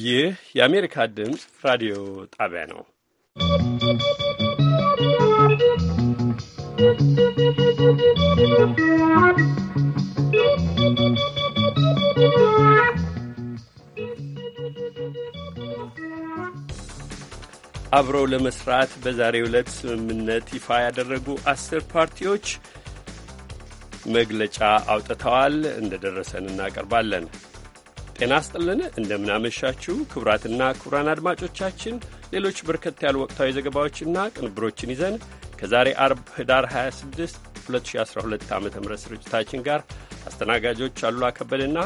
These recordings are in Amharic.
ይህ የአሜሪካ ድምፅ ራዲዮ ጣቢያ ነው። አብረው ለመስራት በዛሬው ዕለት ስምምነት ይፋ ያደረጉ አስር ፓርቲዎች መግለጫ አውጥተዋል። እንደደረሰን እናቀርባለን። ጤና ስጥልን እንደምናመሻችሁ ክቡራትና ክቡራን አድማጮቻችን ሌሎች በርከት ያሉ ወቅታዊ ዘገባዎችና ቅንብሮችን ይዘን ከዛሬ አርብ ህዳር 26 2012 ዓ ም ስርጭታችን ጋር አስተናጋጆች አሉላ ከበድና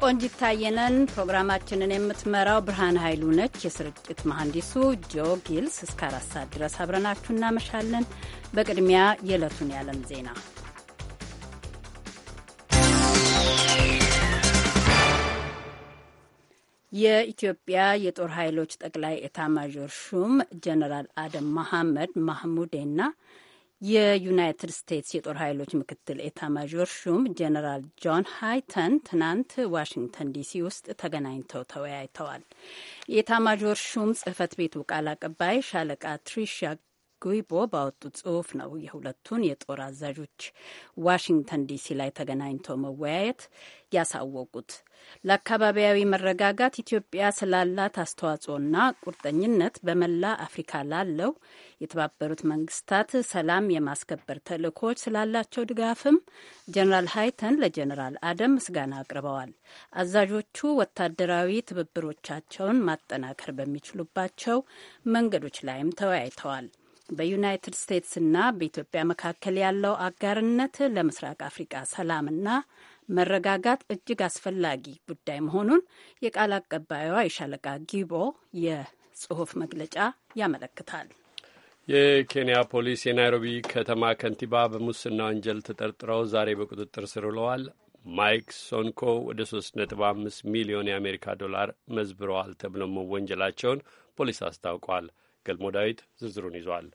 ቆንጂት ታየነን። ፕሮግራማችንን የምትመራው ብርሃን ኃይሉ ነች። የስርጭት መሐንዲሱ ጆ ጊልስ። እስከ አራት ሰዓት ድረስ አብረናችሁ እናመሻለን። በቅድሚያ የዕለቱን ያለም ዜና የኢትዮጵያ የጦር ኃይሎች ጠቅላይ ማዦር ሹም ጀነራል አደም መሐመድ ማህሙዴና የዩናይትድ ስቴትስ የጦር ኃይሎች ምክትል ማዦር ሹም ጀነራል ጆን ሃይተን ትናንት ዋሽንግተን ዲሲ ውስጥ ተገናኝተው ተወያይተዋል። ማዦር ሹም ጽህፈት ቤቱ ቃል አቀባይ ሻለቃ ትሪሻ ጉይቦ ባወጡት ጽሁፍ ነው የሁለቱን የጦር አዛዦች ዋሽንግተን ዲሲ ላይ ተገናኝተው መወያየት ያሳወቁት። ለአካባቢያዊ መረጋጋት ኢትዮጵያ ስላላት አስተዋጽኦና ቁርጠኝነት በመላ አፍሪካ ላለው የተባበሩት መንግስታት ሰላም የማስከበር ተልእኮች ስላላቸው ድጋፍም ጀኔራል ሃይተን ለጀኔራል አደም ምስጋና አቅርበዋል። አዛዦቹ ወታደራዊ ትብብሮቻቸውን ማጠናከር በሚችሉባቸው መንገዶች ላይም ተወያይተዋል። በዩናይትድ ስቴትስና በኢትዮጵያ መካከል ያለው አጋርነት ለምስራቅ አፍሪቃ ሰላምና መረጋጋት እጅግ አስፈላጊ ጉዳይ መሆኑን የቃል አቀባዩዋ የሻለቃ ጊቦ የጽሁፍ መግለጫ ያመለክታል። የኬንያ ፖሊስ የናይሮቢ ከተማ ከንቲባ በሙስና ወንጀል ተጠርጥረው ዛሬ በቁጥጥር ስር ውለዋል። ማይክ ሶንኮ ወደ 3.5 ሚሊዮን የአሜሪካ ዶላር መዝብረዋል ተብሎ መወንጀላቸውን ፖሊስ አስታውቋል። ገልሞ ዳዊት ዝርዝሩን ይዟል።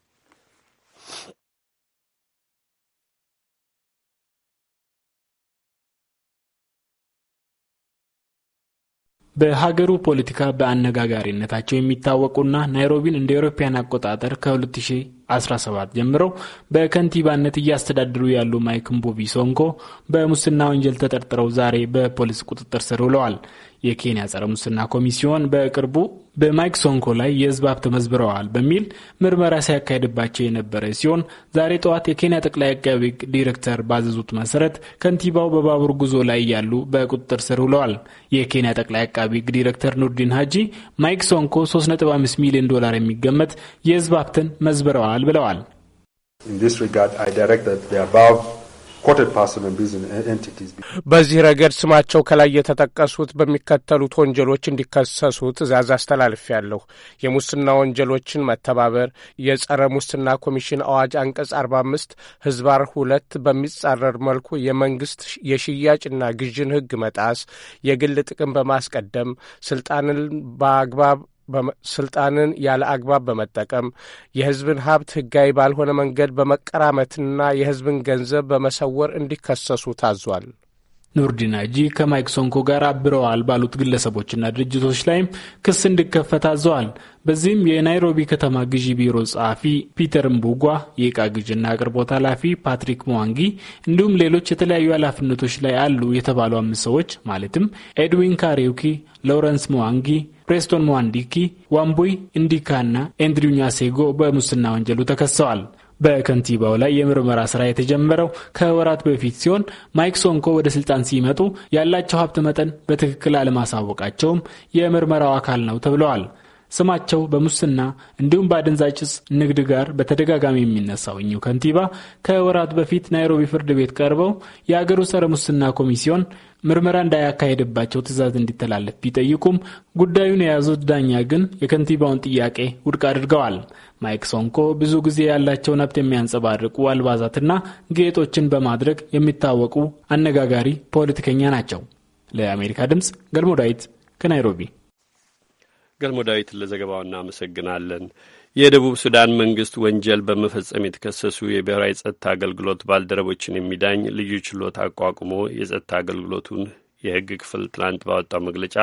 በሀገሩ ፖለቲካ በአነጋጋሪነታቸው የሚታወቁና ናይሮቢን እንደ ኤሮፓያን አቆጣጠር ከ2000 17 ጀምሮ በከንቲባነት እያስተዳደሩ ያሉ ማይክ ምቡቢ ሶንኮ በሙስና ወንጀል ተጠርጥረው ዛሬ በፖሊስ ቁጥጥር ስር ውለዋል። የኬንያ ጸረ ሙስና ኮሚሲዮን በቅርቡ በማይክ ሶንኮ ላይ የሕዝብ ሀብት መዝብረዋል በሚል ምርመራ ሲያካሄድባቸው የነበረ ሲሆን ዛሬ ጠዋት የኬንያ ጠቅላይ አቃቢ ዲሬክተር ባዘዙት መሰረት ከንቲባው በባቡር ጉዞ ላይ ያሉ በቁጥጥር ስር ውለዋል። የኬንያ ጠቅላይ አቃቤ ዲሬክተር ኑርዲን ሀጂ ማይክ ሶንኮ 35 ሚሊዮን ዶላር የሚገመት የሕዝብ ሀብትን መዝብረዋል ይሆናል ብለዋል። በዚህ ረገድ ስማቸው ከላይ የተጠቀሱት በሚከተሉት ወንጀሎች እንዲከሰሱ ትዕዛዝ አስተላልፌያለሁ። የሙስና ወንጀሎችን መተባበር፣ የጸረ ሙስና ኮሚሽን አዋጅ አንቀጽ 45 ህዝባር ሁለት በሚጻረር መልኩ የመንግስት የሽያጭና ግዥን ህግ መጣስ፣ የግል ጥቅም በማስቀደም ስልጣንን በአግባብ ስልጣንን ያለ አግባብ በመጠቀም የህዝብን ሀብት ህጋዊ ባልሆነ መንገድ በመቀራመትና የህዝብን ገንዘብ በመሰወር እንዲከሰሱ ታዟል። ኑርዲናጂ ከማይክ ሶንኮ ጋር አብረዋል ባሉት ግለሰቦችና ድርጅቶች ላይም ክስ እንዲከፈት አዘዋል። በዚህም የናይሮቢ ከተማ ግዢ ቢሮ ጸሐፊ ፒተር ምቡጓ፣ የእቃ ግዢና አቅርቦት ኃላፊ ፓትሪክ መዋንጊ እንዲሁም ሌሎች የተለያዩ ኃላፊነቶች ላይ አሉ የተባሉ አምስት ሰዎች ማለትም ኤድዊን ካሪውኪ፣ ሎረንስ መዋንጊ፣ ፕሬስቶን መዋንዲኪ፣ ዋምቦይ እንዲካና ኤንድሪው ኛሴጎ በሙስና ወንጀሉ ተከሰዋል። በከንቲባው ላይ የምርመራ ስራ የተጀመረው ከወራት በፊት ሲሆን ማይክ ሶንኮ ወደ ስልጣን ሲመጡ ያላቸው ሀብት መጠን በትክክል አለማሳወቃቸውም የምርመራው አካል ነው ተብለዋል። ስማቸው በሙስና እንዲሁም በአደንዛዥ ዕፅ ንግድ ጋር በተደጋጋሚ የሚነሳው እኚሁ ከንቲባ ከወራት በፊት ናይሮቢ ፍርድ ቤት ቀርበው የአገሩ ጸረ ሙስና ኮሚሲዮን ምርመራ እንዳያካሄድባቸው ትዕዛዝ እንዲተላለፍ ቢጠይቁም ጉዳዩን የያዙት ዳኛ ግን የከንቲባውን ጥያቄ ውድቅ አድርገዋል። ማይክ ሶንኮ ብዙ ጊዜ ያላቸውን ሀብት የሚያንጸባርቁ አልባዛትና ጌጦችን በማድረግ የሚታወቁ አነጋጋሪ ፖለቲከኛ ናቸው። ለአሜሪካ ድምፅ ገልሞ ዳዊት ከናይሮቢ ገልሞ ለዘገባው እናመሰግናለን። የደቡብ ሱዳን መንግስት ወንጀል በመፈጸም የተከሰሱ የብሔራዊ ጸጥታ አገልግሎት ባልደረቦችን የሚዳኝ ልዩ ችሎት አቋቁሞ የጸጥታ አገልግሎቱን የህግ ክፍል ትላንት ባወጣው መግለጫ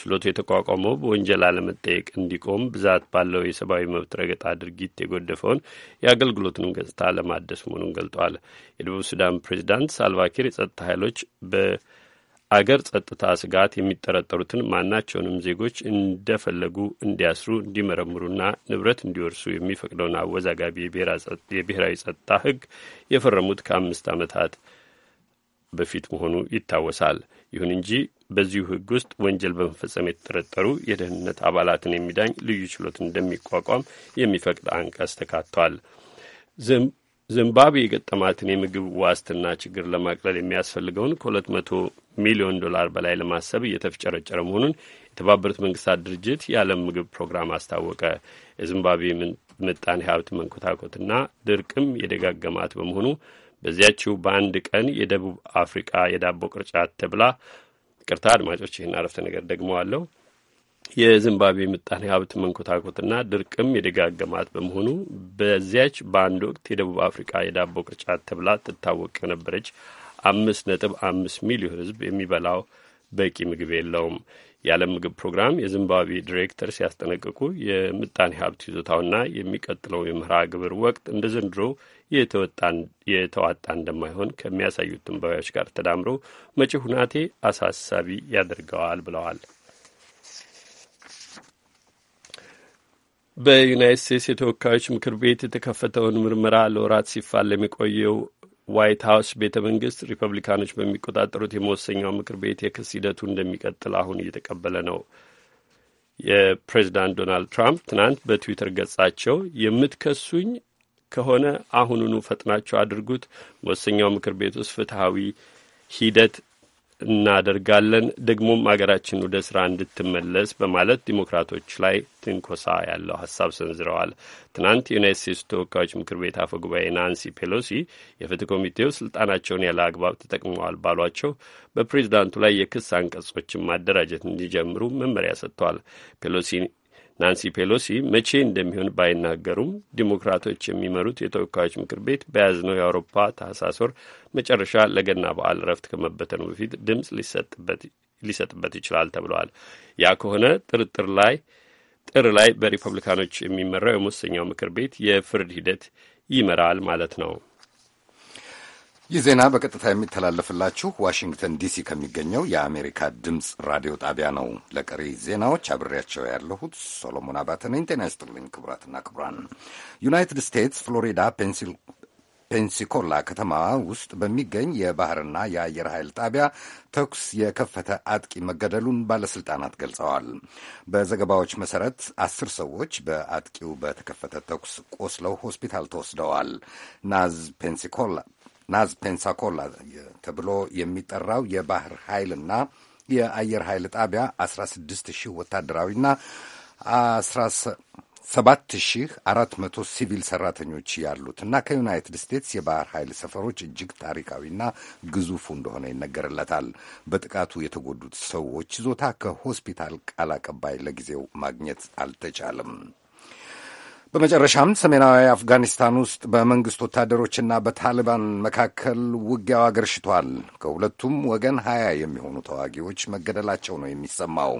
ችሎቱ የተቋቋመው በወንጀል አለመጠየቅ እንዲቆም ብዛት ባለው የሰብአዊ መብት ረገጣ ድርጊት የጎደፈውን የአገልግሎቱን ገጽታ ለማደስ መሆኑን ገልጧል። የደቡብ ሱዳን ፕሬዚዳንት ሳልቫኪር የጸጥታ ኃይሎች በ አገር ጸጥታ ስጋት የሚጠረጠሩትን ማናቸውንም ዜጎች እንደፈለጉ እንዲያስሩ እንዲመረምሩና ንብረት እንዲወርሱ የሚፈቅደውን አወዛጋቢ የብሔራዊ ጸጥታ ሕግ የፈረሙት ከአምስት ዓመታት በፊት መሆኑ ይታወሳል። ይሁን እንጂ በዚሁ ሕግ ውስጥ ወንጀል በመፈጸም የተጠረጠሩ የደህንነት አባላትን የሚዳኝ ልዩ ችሎት እንደሚቋቋም የሚፈቅድ አንቀጽ ተካቷል። ዚምባብዌ የገጠማትን የምግብ ዋስትና ችግር ለማቅለል የሚያስፈልገውን ከሁለት መቶ ሚሊዮን ዶላር በላይ ለማሰብ እየተፍጨረጨረ መሆኑን የተባበሩት መንግስታት ድርጅት የዓለም ምግብ ፕሮግራም አስታወቀ። የዚምባብዌ ምጣኔ ሀብት መንኮታኮትና ድርቅም የደጋገማት በመሆኑ በዚያችው በአንድ ቀን የደቡብ አፍሪቃ የዳቦ ቅርጫት ተብላ ቅርታ አድማጮች፣ ይህን አረፍተ ነገር ደግመዋለሁ። የዚምባብዌ ምጣኔ ሀብት መንኮታኮትና ድርቅም የደጋገማት በመሆኑ በዚያች በአንድ ወቅት የደቡብ አፍሪካ የዳቦ ቅርጫት ተብላ ትታወቅ የነበረች አምስት ነጥብ አምስት ሚሊዮን ሕዝብ የሚበላው በቂ ምግብ የለውም። የዓለም ምግብ ፕሮግራም የዚምባብዌ ዲሬክተር ሲያስጠነቅቁ የምጣኔ ሀብት ይዞታውና የሚቀጥለው የምህራ ግብር ወቅት እንደ ዘንድሮ የተዋጣ እንደማይሆን ከሚያሳዩት ትንበያዎች ጋር ተዳምሮ መጪ ሁናቴ አሳሳቢ ያደርገዋል ብለዋል። በዩናይት ስቴትስ የተወካዮች ምክር ቤት የተከፈተውን ምርመራ ለወራት ሲፋል ለሚቆየው ዋይት ሀውስ ቤተ መንግስት ሪፐብሊካኖች በሚቆጣጠሩት የመወሰኛው ምክር ቤት የክስ ሂደቱ እንደሚቀጥል አሁን እየተቀበለ ነው። የፕሬዚዳንት ዶናልድ ትራምፕ ትናንት በትዊተር ገጻቸው የምትከሱኝ ከሆነ አሁኑኑ ፈጥናቸው አድርጉት፣ መወሰኛው ምክር ቤት ውስጥ ፍትሐዊ ሂደት እናደርጋለን ደግሞም አገራችን ወደ ስራ እንድትመለስ በማለት ዲሞክራቶች ላይ ትንኮሳ ያለው ሀሳብ ሰንዝረዋል። ትናንት የዩናይት ስቴትስ ተወካዮች ምክር ቤት አፈ ጉባኤ ናንሲ ፔሎሲ የፍትህ ኮሚቴው ስልጣናቸውን ያለ አግባብ ተጠቅመዋል ባሏቸው በፕሬዚዳንቱ ላይ የክስ አንቀጾችን ማደራጀት እንዲጀምሩ መመሪያ ሰጥተዋል። ፔሎሲ ናንሲ ፔሎሲ መቼ እንደሚሆን ባይናገሩም ዲሞክራቶች የሚመሩት የተወካዮች ምክር ቤት በያዝነው የአውሮፓ ታህሳስ ወር መጨረሻ ለገና በዓል እረፍት ከመበተኑ በፊት ድምፅ ሊሰጥበት ይችላል ተብለዋል። ያ ከሆነ ጥርጥር ላይ ጥር ላይ በሪፐብሊካኖች የሚመራው የመወሰኛው ምክር ቤት የፍርድ ሂደት ይመራል ማለት ነው። ይህ ዜና በቀጥታ የሚተላለፍላችሁ ዋሽንግተን ዲሲ ከሚገኘው የአሜሪካ ድምፅ ራዲዮ ጣቢያ ነው። ለቀሪ ዜናዎች አብሬያቸው ያለሁት ሶሎሞን አባተ ነኝ። ጤና ይስጥልኝ ክቡራትና ክቡራን። ዩናይትድ ስቴትስ ፍሎሪዳ ፔንሲል ፔንሲኮላ ከተማ ውስጥ በሚገኝ የባህርና የአየር ኃይል ጣቢያ ተኩስ የከፈተ አጥቂ መገደሉን ባለስልጣናት ገልጸዋል። በዘገባዎች መሠረት አስር ሰዎች በአጥቂው በተከፈተ ተኩስ ቆስለው ሆስፒታል ተወስደዋል። ናዝ ናዝ ፔንሳኮላ ተብሎ የሚጠራው የባህር ኃይልና የአየር ኃይል ጣቢያ 16 ሺህ ወታደራዊና 7400 ሲቪል ሰራተኞች ያሉት እና ከዩናይትድ ስቴትስ የባህር ኃይል ሰፈሮች እጅግ ታሪካዊና ግዙፉ እንደሆነ ይነገርለታል። በጥቃቱ የተጎዱት ሰዎች ይዞታ ከሆስፒታል ቃል አቀባይ ለጊዜው ማግኘት አልተቻለም። በመጨረሻም ሰሜናዊ አፍጋኒስታን ውስጥ በመንግሥት ወታደሮችና በታሊባን መካከል ውጊያው አገርሽቷል። ከሁለቱም ወገን ሀያ የሚሆኑ ተዋጊዎች መገደላቸው ነው የሚሰማው።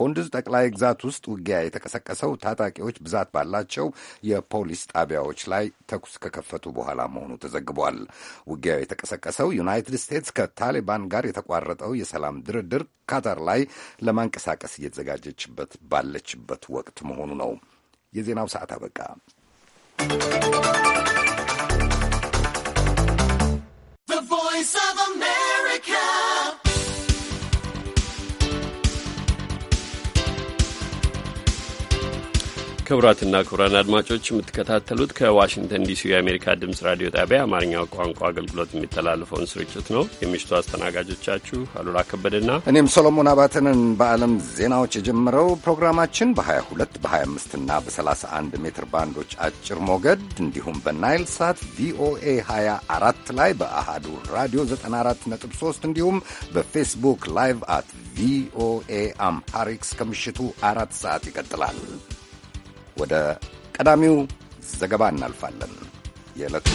ኮንዱዝ ጠቅላይ ግዛት ውስጥ ውጊያ የተቀሰቀሰው ታጣቂዎች ብዛት ባላቸው የፖሊስ ጣቢያዎች ላይ ተኩስ ከከፈቱ በኋላ መሆኑ ተዘግቧል። ውጊያው የተቀሰቀሰው ዩናይትድ ስቴትስ ከታሊባን ጋር የተቋረጠው የሰላም ድርድር ካታር ላይ ለማንቀሳቀስ እየተዘጋጀችበት ባለችበት ወቅት መሆኑ ነው። የዜናው ሰዓት አበቃ። ክቡራትና ክቡራን አድማጮች የምትከታተሉት ከዋሽንግተን ዲሲ የአሜሪካ ድምፅ ራዲዮ ጣቢያ አማርኛው ቋንቋ አገልግሎት የሚተላለፈውን ስርጭት ነው። የምሽቱ አስተናጋጆቻችሁ አሉላ ከበደና እኔም ሰሎሞን አባተንን በዓለም ዜናዎች የጀመረው ፕሮግራማችን በ22 በ25ና በ31 ሜትር ባንዶች አጭር ሞገድ እንዲሁም በናይል ሳት ቪኦኤ 24 ላይ በአሃዱ ራዲዮ 94.3 እንዲሁም በፌስቡክ ላይቭ አት ቪኦኤ አምሃሪክ እስከ አራት ሰዓት ይቀጥላል። ወደ ቀዳሚው ዘገባ እናልፋለን። የዕለቱ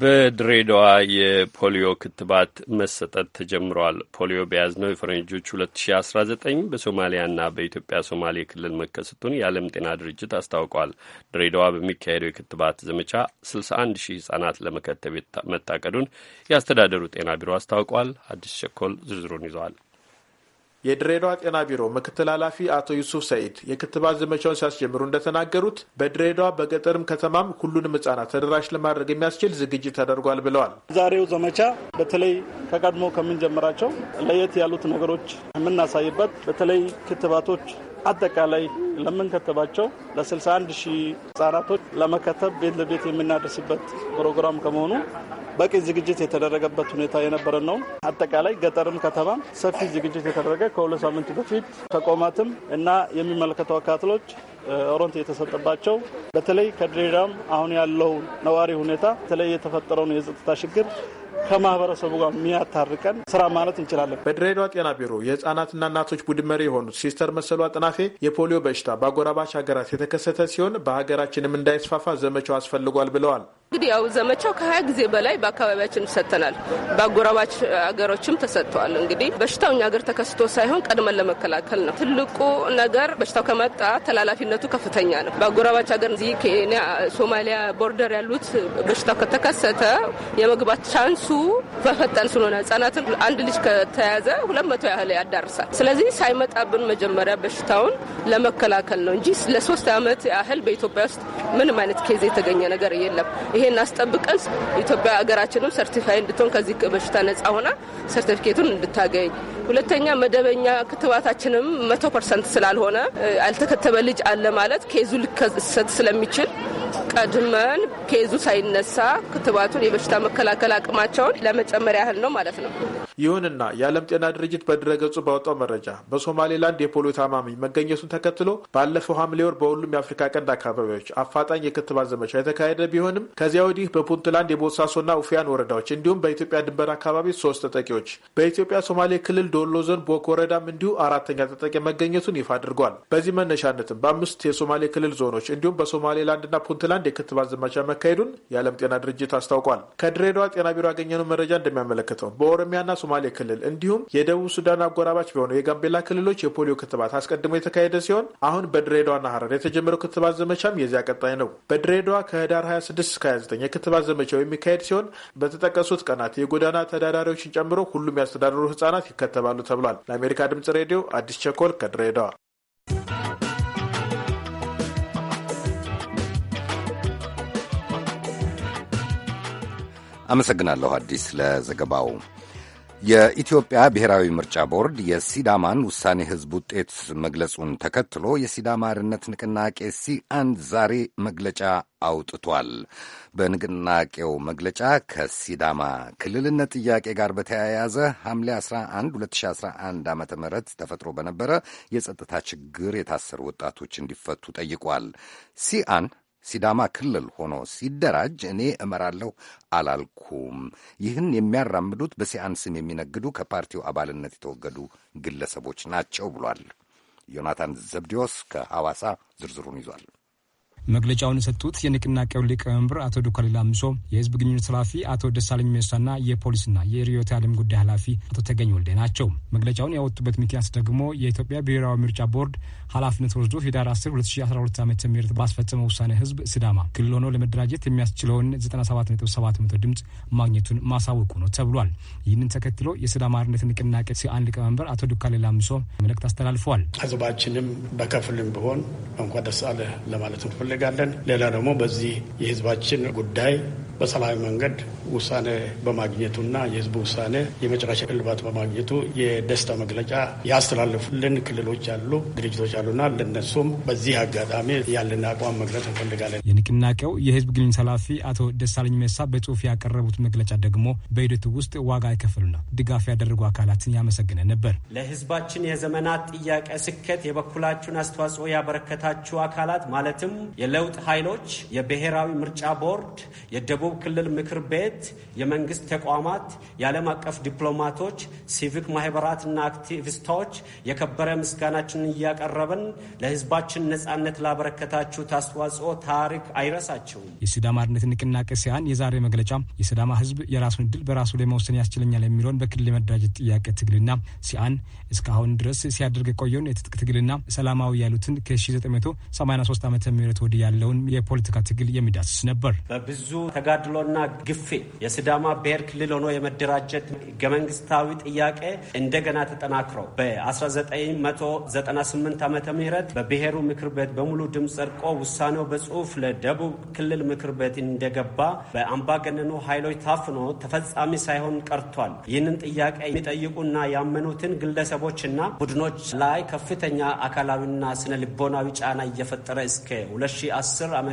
በድሬዳዋ የፖሊዮ ክትባት መሰጠት ተጀምሯል። ፖሊዮ በያዝነው የፈረንጆች 2019 በሶማሊያና በኢትዮጵያ ሶማሌ ክልል መከሰቱን የዓለም ጤና ድርጅት አስታውቋል። ድሬዳዋ በሚካሄደው የክትባት ዘመቻ 61 ሺህ ህጻናት ለመከተብ መታቀዱን የአስተዳደሩ ጤና ቢሮ አስታውቋል። አዲስ ቸኮል ዝርዝሩን ይዘዋል። የድሬዳዋ ጤና ቢሮ ምክትል ኃላፊ አቶ ዩሱፍ ሰይድ የክትባት ዘመቻውን ሲያስጀምሩ እንደተናገሩት በድሬዳዋ በገጠርም ከተማም ሁሉንም ህጻናት ተደራሽ ለማድረግ የሚያስችል ዝግጅት ተደርጓል ብለዋል። ዛሬው ዘመቻ በተለይ ከቀድሞ ከምንጀምራቸው ለየት ያሉት ነገሮች የምናሳይበት በተለይ ክትባቶች አጠቃላይ ለምንከተባቸው ለ61 ሺህ ህጻናቶች ለመከተብ ቤት ለቤት የምናደርስበት ፕሮግራም ከመሆኑ በቂ ዝግጅት የተደረገበት ሁኔታ የነበረ ነው። አጠቃላይ ገጠርም ከተማም ሰፊ ዝግጅት የተደረገ ከሁለት ሳምንት በፊት ተቋማትም እና የሚመለከተው አካትሎች ሮንት የተሰጠባቸው በተለይ ከድሬዳዋም አሁን ያለው ነዋሪ ሁኔታ በተለይ የተፈጠረውን የጸጥታ ችግር ከማህበረሰቡ ጋር የሚያታርቀን ስራ ማለት እንችላለን። በድሬዳዋ ጤና ቢሮ የህጻናትና እናቶች ቡድን መሪ የሆኑት ሲስተር መሰሉ አጥናፌ የፖሊዮ በሽታ በአጎራባች ሀገራት የተከሰተ ሲሆን በሀገራችንም እንዳይስፋፋ ዘመቻው አስፈልጓል ብለዋል። እንግዲህ ያው ዘመቻው ከሀያ ጊዜ በላይ በአካባቢያችን ሰጥተናል። በአጎራባች ሀገሮችም ተሰጥተዋል። እንግዲህ በሽታው እኛ ሀገር ተከስቶ ሳይሆን ቀድመን ለመከላከል ነው ትልቁ ነገር። በሽታው ከመጣ ተላላፊነት ተጋላጭነቱ ከፍተኛ ነው። በአጎራባች ሀገር እዚህ ኬንያ፣ ሶማሊያ ቦርደር ያሉት በሽታው ከተከሰተ የመግባት ቻንሱ በፈጠን ስለሆነ ህጻናትን አንድ ልጅ ከተያዘ ሁለት መቶ ያህል ያዳርሳል። ስለዚህ ሳይመጣብን መጀመሪያ በሽታውን ለመከላከል ነው እንጂ ለሶስት ዓመት ያህል በኢትዮጵያ ውስጥ ምንም አይነት ኬዝ የተገኘ ነገር የለም። ይሄን አስጠብቀን ኢትዮጵያ ሀገራችንም ሰርቲፋይ እንድትሆን ከዚህ በሽታ ነጻ ሆና ሰርቲፊኬቱን እንድታገኝ ሁለተኛ መደበኛ ክትባታችንም መቶ ፐርሰንት ስላልሆነ ያልተከተበ ልጅ አለ ማለት ኬዙ ሊከሰት ስለሚችል ቀድመን ኬዙ ሳይነሳ ክትባቱን የበሽታ መከላከል አቅማቸውን ለመጨመር ያህል ነው ማለት ነው። ይሁንና የዓለም ጤና ድርጅት በድረገጹ ባወጣው መረጃ በሶማሌላንድ የፖሊዮ ታማሚ መገኘቱን ተከትሎ ባለፈው ሐምሌ ወር በሁሉም የአፍሪካ ቀንድ አካባቢዎች አፋጣኝ የክትባት ዘመቻ የተካሄደ ቢሆንም ከዚያ ወዲህ በፑንትላንድ የቦሳሶና ኡፊያን ወረዳዎች እንዲሁም በኢትዮጵያ ድንበር አካባቢ ሶስት ተጠቂዎች በኢትዮጵያ ሶማሌ ክልል ዶሎ ዞን ቦክ ወረዳም እንዲሁ አራተኛ ተጠቂ መገኘቱን ይፋ አድርጓል። በዚህ መነሻነትም በአምስት የሶማሌ ክልል ዞኖች እንዲሁም በሶማሌላንድና ፑንትላንድ የክትባት ዘመቻ መካሄዱን የዓለም ጤና ድርጅት አስታውቋል። ከድሬዳዋ ጤና ቢሮ ያገኘነው መረጃ እንደሚያመለክተው በኦሮሚያና ሶማሌ ክልል እንዲሁም የደቡብ ሱዳን አጎራባች በሆነው የጋምቤላ ክልሎች የፖሊዮ ክትባት አስቀድሞ የተካሄደ ሲሆን አሁን በድሬዳዋና ሀረር የተጀመረው ክትባት ዘመቻም የዚያ ቀጣይ ነው። በድሬዳዋ ከህዳር 26 29 የክትባት ዘመቻው የሚካሄድ ሲሆን በተጠቀሱት ቀናት የጎዳና ተዳዳሪዎችን ጨምሮ ሁሉም ያስተዳደሩ ህጻናት ይከተባል። ይቀርባሉ ተብሏል። ለአሜሪካ ድምጽ ሬዲዮ አዲስ ቸኮል ከድሬዳዋ። አመሰግናለሁ አዲስ ለዘገባው። የኢትዮጵያ ብሔራዊ ምርጫ ቦርድ የሲዳማን ውሳኔ ሕዝብ ውጤት መግለጹን ተከትሎ የሲዳማ አርነት ንቅናቄ ሲአንድ ዛሬ መግለጫ አውጥቷል። በንቅናቄው መግለጫ ከሲዳማ ክልልነት ጥያቄ ጋር በተያያዘ ሐምሌ 11 2011 ዓ ም ተፈጥሮ በነበረ የጸጥታ ችግር የታሰሩ ወጣቶች እንዲፈቱ ጠይቋል። ሲአን ሲዳማ ክልል ሆኖ ሲደራጅ እኔ እመራለሁ አላልኩም። ይህን የሚያራምዱት በሲአን ስም የሚነግዱ ከፓርቲው አባልነት የተወገዱ ግለሰቦች ናቸው ብሏል። ዮናታን ዘብዲዎስ ከሐዋሳ ዝርዝሩን ይዟል። መግለጫውን የሰጡት የንቅናቄው ሊቀመንበር አቶ ዱካሌል አምሶ፣ የህዝብ ግንኙነት ኃላፊ አቶ ደሳለኝ ሜሳና የፖሊስና የርዕዮተ ዓለም ጉዳይ ኃላፊ አቶ ተገኝ ወልዴ ናቸው። መግለጫውን ያወጡበት ምክንያት ደግሞ የኢትዮጵያ ብሔራዊ ምርጫ ቦርድ ኃላፊነት ወስዶ ህዳር 10 2012 ዓ ም ባስፈጸመው ውሳኔ ህዝብ ሲዳማ ክልል ሆኖ ለመደራጀት የሚያስችለውን 97.7 ድምፅ ማግኘቱን ማሳወቁ ነው ተብሏል። ይህንን ተከትሎ የሲዳማ አርነት ንቅናቄ ሲአን ሊቀመንበር አቶ ዱካሌ ላምሶ መልእክት አስተላልፈዋል። ህዝባችንም በከፍልም ቢሆን እንኳ ደስ አለ ለማለት እንፈልጋለን። ሌላ ደግሞ በዚህ የህዝባችን ጉዳይ በሰላማዊ መንገድ ውሳኔ በማግኘቱና የህዝቡ ውሳኔ የመጨረሻ እልባት በማግኘቱ የደስታ መግለጫ ያስተላልፉልን ክልሎች ያሉ ድርጅቶች አሉና ለነሱም በዚህ አጋጣሚ ያለን አቋም መግለጽ እንፈልጋለን። የንቅናቄው የህዝብ ግንኙነት ኃላፊ አቶ ደሳለኝ መሳ በጽሁፍ ያቀረቡት መግለጫ ደግሞ በሂደቱ ውስጥ ዋጋ የከፈሉና ድጋፍ ያደረጉ አካላትን ያመሰግነ ነበር። ለህዝባችን የዘመናት ጥያቄ ስኬት የበኩላችሁን አስተዋጽኦ ያበረከታችሁ አካላት ማለትም የለውጥ ኃይሎች፣ የብሔራዊ ምርጫ ቦርድ፣ የደቡብ የደቡብ ክልል ምክር ቤት፣ የመንግስት ተቋማት፣ የዓለም አቀፍ ዲፕሎማቶች፣ ሲቪክ ማህበራትና አክቲቪስቶች የከበረ ምስጋናችንን እያቀረብን ለህዝባችን ነጻነት ላበረከታችሁት አስተዋጽኦ ታሪክ አይረሳቸውም። የሲዳማ አርነት ንቅናቄ ሲያን የዛሬ መግለጫ የሲዳማ ህዝብ የራሱን እድል በራሱ ላይ መወሰን ያስችለኛል የሚለውን በክልል የመደራጀት ጥያቄ ትግልና ሲያን እስካሁን ድረስ ሲያደርግ የቆየውን የትጥቅ ትግልና ሰላማዊ ያሉትን ከ1983 ዓ ም ወዲህ ያለውን የፖለቲካ ትግል የሚዳስስ ነበር። በብዙ ተጋ ተጋድሎና ግፌ የስዳማ ብሔር ክልል ሆኖ የመደራጀት ህገ መንግስታዊ ጥያቄ እንደገና ተጠናክሮ በ1998 ዓ ም በብሔሩ ምክር ቤት በሙሉ ድምፅ ጸድቆ ውሳኔው በጽሁፍ ለደቡብ ክልል ምክር ቤት እንደገባ በአምባገነኑ ኃይሎች ታፍኖ ተፈጻሚ ሳይሆን ቀርቷል። ይህንን ጥያቄ የሚጠይቁና ያመኑትን ግለሰቦችና ቡድኖች ላይ ከፍተኛ አካላዊና ስነ ልቦናዊ ጫና እየፈጠረ እስከ 2010 ዓ ም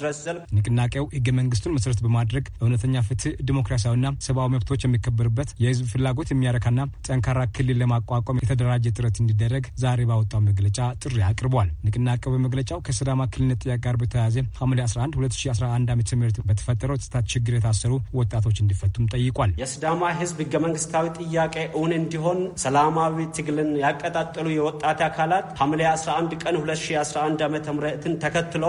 ድረስ ዘልቅ ንቅናቄው ህገ መንግስቱን መሰረት መሰረት በማድረግ እውነተኛ ፍትህ፣ ዲሞክራሲያዊና ሰብአዊ መብቶች የሚከበርበት የህዝብ ፍላጎት የሚያረካና ጠንካራ ክልል ለማቋቋም የተደራጀ ጥረት እንዲደረግ ዛሬ ባወጣው መግለጫ ጥሪ አቅርቧል። ንቅናቄው በመግለጫው ከስዳማ ክልልነት ጥያቄ ጋር በተያያዘ ሐምሌ 11 2011 ዓ ም በተፈጠረው የጸጥታ ችግር የታሰሩ ወጣቶች እንዲፈቱም ጠይቋል። የስዳማ ህዝብ ህገ መንግስታዊ ጥያቄ እውን እንዲሆን ሰላማዊ ትግልን ያቀጣጠሉ የወጣት አካላት ሐምሌ 11 ቀን 2011 ዓ ም ተከትሎ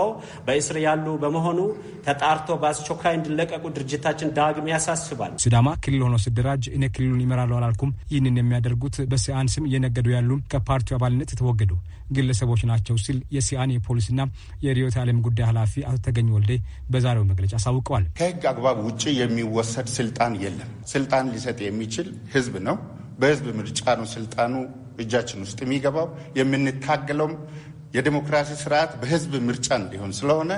በእስር ያሉ በመሆኑ ተጣርቶ በአስቸኳይ እንድንለቀቁ ድርጅታችን ዳግም ያሳስባል። ሲዳማ ክልል ሆኖ ስደራጅ እኔ ክልሉን ይመራለሁ አላልኩም። ይህንን የሚያደርጉት በሲአን ስም እየነገዱ ያሉ ከፓርቲው አባልነት የተወገዱ ግለሰቦች ናቸው ሲል የሲአን የፖሊስና የርዕዮተ ዓለም ጉዳይ ኃላፊ አቶ ተገኝ ወልዴ በዛሬው መግለጫ አሳውቀዋል። ከህግ አግባብ ውጭ የሚወሰድ ስልጣን የለም። ስልጣን ሊሰጥ የሚችል ህዝብ ነው። በህዝብ ምርጫ ነው ስልጣኑ እጃችን ውስጥ የሚገባው። የምንታገለውም የዲሞክራሲ ስርዓት በህዝብ ምርጫ እንዲሆን ስለሆነ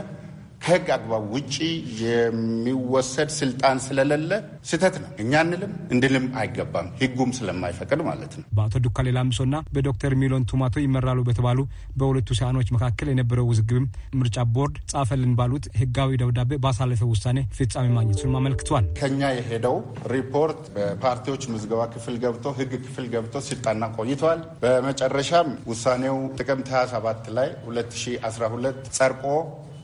ከህግ አግባብ ውጪ የሚወሰድ ስልጣን ስለሌለ ስህተት ነው። እኛ እንልም እንድልም አይገባም፣ ህጉም ስለማይፈቅድ ማለት ነው። በአቶ ዱካሌ ላምሶና በዶክተር ሚሎን ቱማቶ ይመራሉ በተባሉ በሁለቱ ሰአኖች መካከል የነበረው ውዝግብም ምርጫ ቦርድ ጻፈልን ባሉት ህጋዊ ደብዳቤ ባሳለፈ ውሳኔ ፍጻሜ ማግኘቱን አመልክቷል። ከኛ የሄደው ሪፖርት በፓርቲዎች ምዝገባ ክፍል ገብቶ ህግ ክፍል ገብቶ ሲጣና ቆይተዋል። በመጨረሻም ውሳኔው ጥቅምት 27 ላይ 2012 ጸድቆ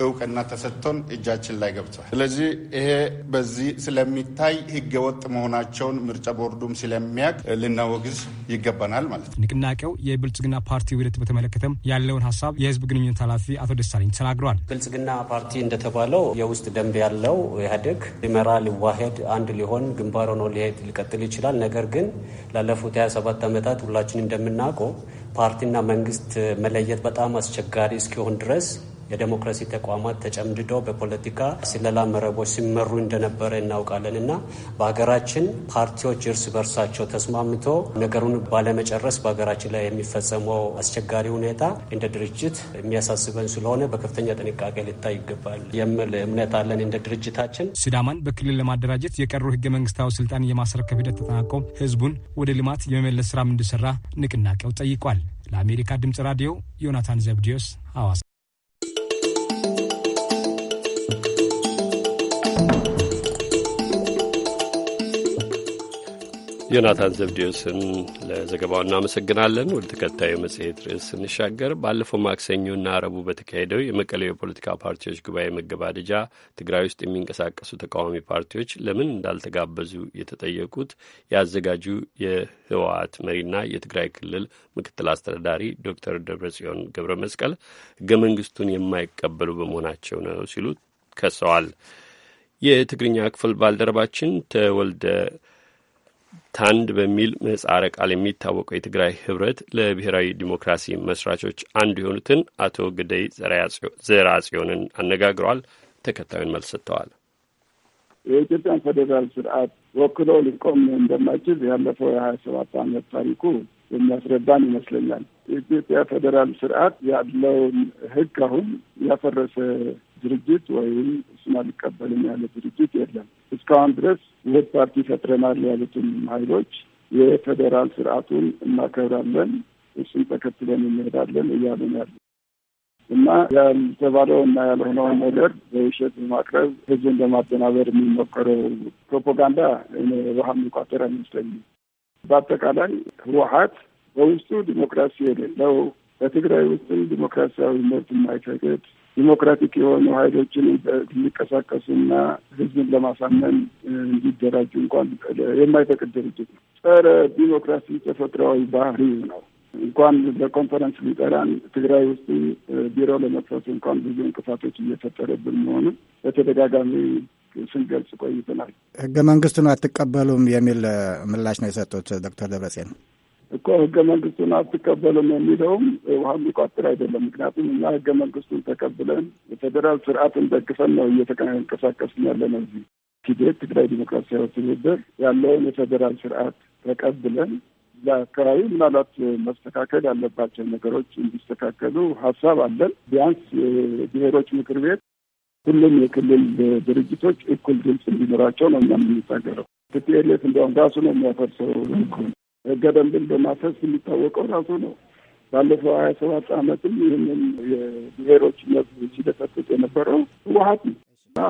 እውቅና ተሰጥቶን እጃችን ላይ ገብቷል። ስለዚህ ይሄ በዚህ ስለሚታይ ህገወጥ መሆናቸውን ምርጫ ቦርዱም ስለሚያቅ ልናወግዝ ይገባናል ማለት ነው። ንቅናቄው የብልጽግና ፓርቲ ውህደት በተመለከተም ያለውን ሀሳብ የህዝብ ግንኙነት ኃላፊ አቶ ደሳለኝ ተናግረዋል። ብልጽግና ፓርቲ እንደተባለው የውስጥ ደንብ ያለው ኢህአዴግ ሊመራ፣ ሊዋሄድ፣ አንድ ሊሆን ግንባር ሆኖ ሊሄድ ሊቀጥል ይችላል። ነገር ግን ላለፉት 27 ዓመታት ሁላችን እንደምናውቀው ፓርቲና መንግስት መለየት በጣም አስቸጋሪ እስኪሆን ድረስ የዴሞክራሲ ተቋማት ተጨምድዶ በፖለቲካ ስለላ መረቦች ሲመሩ እንደነበረ እናውቃለን እና በሀገራችን ፓርቲዎች እርስ በርሳቸው ተስማምቶ ነገሩን ባለመጨረስ በሀገራችን ላይ የሚፈጸመው አስቸጋሪ ሁኔታ እንደ ድርጅት የሚያሳስበን ስለሆነ በከፍተኛ ጥንቃቄ ሊታይ ይገባል የሚል እምነት አለን። እንደ ድርጅታችን ሲዳማን በክልል ለማደራጀት የቀሩ ህገ መንግስታዊ ስልጣን የማስረከብ ሂደት ተጠናቆ ህዝቡን ወደ ልማት የመመለስ ስራም እንዲሰራ ንቅናቄው ጠይቋል። ለአሜሪካ ድምፅ ራዲዮ ዮናታን ዘብዲዮስ ሐዋሳ። ዮናታን ዘብዲዮስን ለዘገባው እናመሰግናለን። ወደ ተከታዩ መጽሔት ርዕስ ስንሻገር ባለፈው ማክሰኞና አረቡ በተካሄደው የመቀሌው የፖለቲካ ፓርቲዎች ጉባኤ መገባደጃ ትግራይ ውስጥ የሚንቀሳቀሱ ተቃዋሚ ፓርቲዎች ለምን እንዳልተጋበዙ የተጠየቁት ያዘጋጁ የህወሓት መሪና የትግራይ ክልል ምክትል አስተዳዳሪ ዶክተር ደብረጽዮን ገብረ መስቀል ህገ መንግስቱን የማይቀበሉ በመሆናቸው ነው ሲሉ ከሰዋል። የትግርኛ ክፍል ባልደረባችን ተወልደ ታንድ በሚል ምህጻረ ቃል የሚታወቀው የትግራይ ህብረት ለብሔራዊ ዲሞክራሲ መስራቾች አንዱ የሆኑትን አቶ ግደይ ዘርአጽዮንን አነጋግሯል። ተከታዩን መልስ ሰጥተዋል። የኢትዮጵያን ፌዴራል ስርዓት ወክሎ ሊቆም እንደማይችል ያለፈው የሀያ ሰባት አመት ታሪኩ የሚያስረዳን ይመስለኛል። የኢትዮጵያ ፌዴራል ስርዓት ያለውን ህግ አሁን ያፈረሰ ድርጅት ወይም እሱን አልቀበልም ያለ ድርጅት የለም። እስካሁን ድረስ ውህድ ፓርቲ ፈጥረናል ያሉትም ሀይሎች የፌዴራል ስርዓቱን እናከብራለን፣ እሱን ተከትለን እንሄዳለን እያሉ ያሉ እና ያልተባለው እና ያልሆነውን ነገር በውሸት በማቅረብ ህዝብን ለማደናበር የሚሞከረው ፕሮፓጋንዳ እኔ ውሃ የሚቋጠር አይመስለኝም። በአጠቃላይ ህወሀት በውስጡ ዲሞክራሲ የሌለው በትግራይ ውስጥም ዲሞክራሲያዊ መብት የማይፈቅድ ዲሞክራቲክ የሆኑ ሀይሎችን እንዲንቀሳቀሱና ህዝብን ለማሳመን እንዲደራጁ እንኳን የማይፈቅድ ድርጅት ነው። ጸረ ዲሞክራሲ ተፈጥሯዊ ባህሪ ነው። እንኳን ለኮንፈረንስ ሊጠራን ትግራይ ውስጥ ቢሮ ለመክፈቱ እንኳን ብዙ እንቅፋቶች እየፈጠረብን መሆኑን በተደጋጋሚ ስንገልጽ ቆይተናል። ህገ መንግስቱን አትቀበሉም የሚል ምላሽ ነው የሰጡት ዶክተር ደብረጽዮን እኮ ህገ መንግስቱን አትቀበሉም የሚለውም ውሃ የሚቋጥር አይደለም። ምክንያቱም እኛ ህገ መንግስቱን ተቀብለን የፌዴራል ስርዓትን ደግፈን ነው እየተንቀሳቀስን ያለ ነው። እዚህ ሂደት ትግራይ ዲሞክራሲያዊ ትብብር ያለውን የፌዴራል ስርዓት ተቀብለን ለአካባቢ ምናልባት መስተካከል ያለባቸው ነገሮች እንዲስተካከሉ ሀሳብ አለን። ቢያንስ ብሔሮች ምክር ቤት ሁሉም የክልል ድርጅቶች እኩል ድምፅ እንዲኖራቸው ነው እኛ የምንታገለው። ቲፒኤልኤፍ እንዲያውም ራሱ ነው የሚያፈርሰው። ህጉን ህገ ደንብን በማፈርስ የሚታወቀው ራሱ ነው። ባለፈው ሀያ ሰባት አመትም ይህንን የብሔሮች መብት ሲደፈጥጥ የነበረው ህወሀት ነው።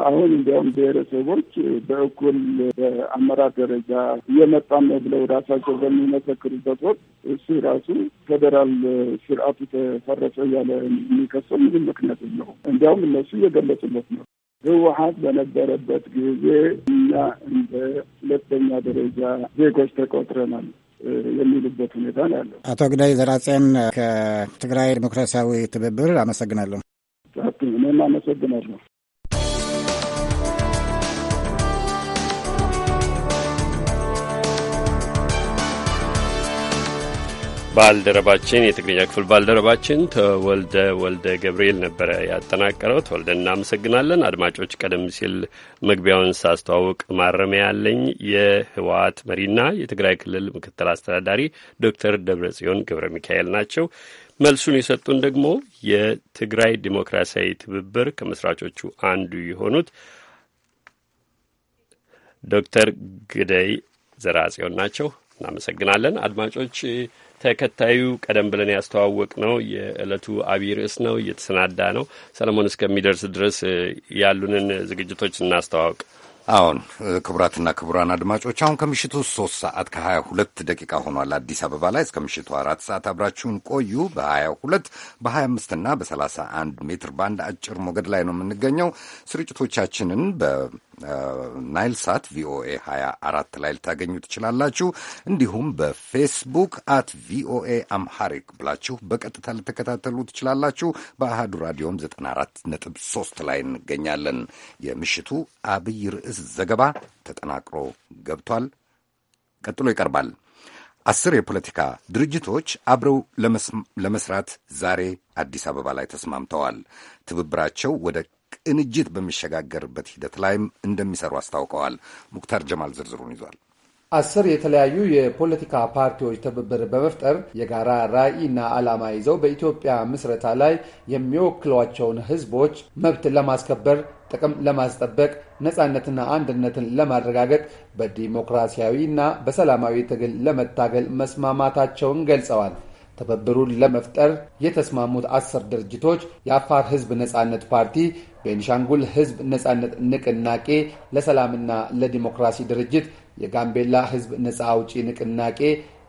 አሁን እንዲያውም ብሔረሰቦች በእኩል በአመራር ደረጃ እየመጣ ነው ብለው ራሳቸው በሚመሰክሩበት ወቅት እሱ ራሱ ፌዴራል ስርዓቱ ተፈረሰ እያለ የሚከሰው ምንም ምክንያት ነው። እንዲያውም እነሱ እየገለጹለት ነው። ህወሀት በነበረበት ጊዜ እኛ እንደ ሁለተኛ ደረጃ ዜጎች ተቆጥረናል የሚሉበት ሁኔታ ነው ያለው። አቶ ግዳይ ዘራጽያን ከትግራይ ዲሞክራሲያዊ ትብብር አመሰግናለሁ። እኔም አመሰግናለሁ። ባልደረባችን የትግርኛ ክፍል ባልደረባችን ተወልደ ወልደ ገብርኤል ነበረ ያጠናቀረው። ተወልደ እናመሰግናለን። አድማጮች፣ ቀደም ሲል መግቢያውን ሳስተዋውቅ ማረሚያ ያለኝ የህወሓት መሪና የትግራይ ክልል ምክትል አስተዳዳሪ ዶክተር ደብረ ጽዮን ገብረ ሚካኤል ናቸው። መልሱን የሰጡን ደግሞ የትግራይ ዲሞክራሲያዊ ትብብር ከመስራቾቹ አንዱ የሆኑት ዶክተር ግደይ ዘራጽዮን ናቸው። እናመሰግናለን አድማጮች ተከታዩ ቀደም ብለን ያስተዋወቅ ነው የዕለቱ አብይ ርዕስ ነው፣ እየተሰናዳ ነው። ሰለሞን እስከሚደርስ ድረስ ያሉንን ዝግጅቶች እናስተዋውቅ። አሁን ክቡራትና ክቡራን አድማጮች አሁን ከምሽቱ ሶስት ሰዓት ከሀያ ሁለት ደቂቃ ሆኗል። አዲስ አበባ ላይ እስከ ምሽቱ አራት ሰዓት አብራችሁን ቆዩ። በሀያ ሁለት በሀያ አምስት አምስትና በሰላሳ አንድ ሜትር ባንድ አጭር ሞገድ ላይ ነው የምንገኘው። ስርጭቶቻችንን በ ናይል ሳት ቪኦኤ 24 ላይ ልታገኙ ትችላላችሁ። እንዲሁም በፌስቡክ አት ቪኦኤ አምሐሪክ ብላችሁ በቀጥታ ልተከታተሉ ትችላላችሁ። በአሃዱ ራዲዮም 94.3 ላይ እንገኛለን። የምሽቱ አብይ ርዕስ ዘገባ ተጠናቅሮ ገብቷል፣ ቀጥሎ ይቀርባል። አስር የፖለቲካ ድርጅቶች አብረው ለመስራት ዛሬ አዲስ አበባ ላይ ተስማምተዋል። ትብብራቸው ወደ ቅንጅት በሚሸጋገርበት ሂደት ላይም እንደሚሰሩ አስታውቀዋል። ሙክታር ጀማል ዝርዝሩን ይዟል። አስር የተለያዩ የፖለቲካ ፓርቲዎች ትብብር በመፍጠር የጋራ ራዕይና ዓላማ ይዘው በኢትዮጵያ ምስረታ ላይ የሚወክሏቸውን ሕዝቦች መብት ለማስከበር ጥቅም ለማስጠበቅ ነፃነትና አንድነትን ለማረጋገጥ በዲሞክራሲያዊና በሰላማዊ ትግል ለመታገል መስማማታቸውን ገልጸዋል። ትብብሩን ለመፍጠር የተስማሙት አስር ድርጅቶች የአፋር ሕዝብ ነፃነት ፓርቲ ቤኒሻንጉል ህዝብ ነጻነት ንቅናቄ ለሰላምና ለዲሞክራሲ ድርጅት፣ የጋምቤላ ህዝብ ነጻ አውጪ ንቅናቄ፣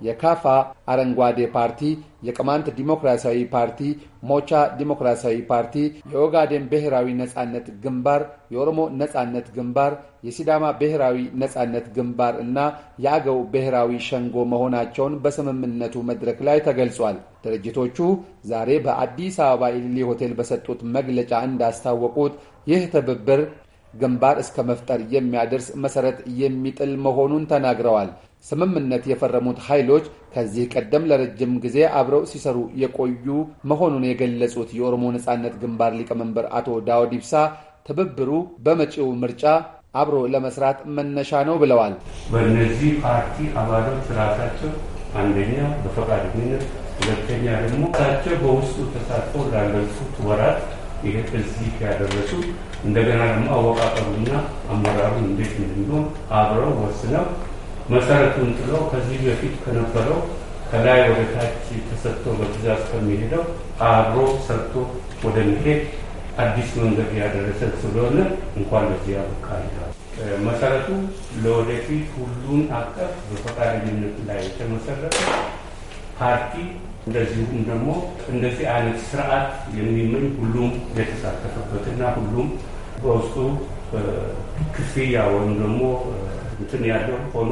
የካፋ አረንጓዴ ፓርቲ፣ የቅማንት ዲሞክራሲያዊ ፓርቲ፣ ሞቻ ዲሞክራሲያዊ ፓርቲ፣ የኦጋዴን ብሔራዊ ነጻነት ግንባር፣ የኦሮሞ ነጻነት ግንባር የሲዳማ ብሔራዊ ነጻነት ግንባር እና የአገው ብሔራዊ ሸንጎ መሆናቸውን በስምምነቱ መድረክ ላይ ተገልጿል። ድርጅቶቹ ዛሬ በአዲስ አበባ ኢሊሊ ሆቴል በሰጡት መግለጫ እንዳስታወቁት ይህ ትብብር ግንባር እስከ መፍጠር የሚያደርስ መሰረት የሚጥል መሆኑን ተናግረዋል። ስምምነት የፈረሙት ኃይሎች ከዚህ ቀደም ለረጅም ጊዜ አብረው ሲሰሩ የቆዩ መሆኑን የገለጹት የኦሮሞ ነጻነት ግንባር ሊቀመንበር አቶ ዳውድ ኢብሳ ትብብሩ በመጪው ምርጫ አብሮ ለመስራት መነሻ ነው ብለዋል። በእነዚህ ፓርቲ አባሎች ራሳቸው አንደኛ በፈቃደኝነት ሁለተኛ ደግሞ ራሳቸው በውስጡ ተሳትፎ ላለፉት ወራት ይሄ እዚህ ያደረሱ እንደገና ደግሞ አወቃቀሩና አመራሩ እንዴት እንደሚሆን አብረው ወስነው መሰረቱን ጥለው ከዚህ በፊት ከነበረው ከላይ ወደ ታች ተሰጥቶ በትእዛዝ ከሚሄደው አብሮ ሰርቶ ወደሚሄድ አዲስ መንገድ ያደረሰ ስለሆነ እንኳን ለዚህ ያበቃል። መሰረቱ ለወደፊት ሁሉን አቀፍ በፈቃደኝነት ላይ የተመሰረተ ፓርቲ እንደዚሁም ደግሞ እንደዚህ አይነት ስርዓት የሚመኝ ሁሉም የተሳተፈበትና ሁሉም በውስጡ ክፍያ ወይም ደግሞ እንትን ያለው ሆኖ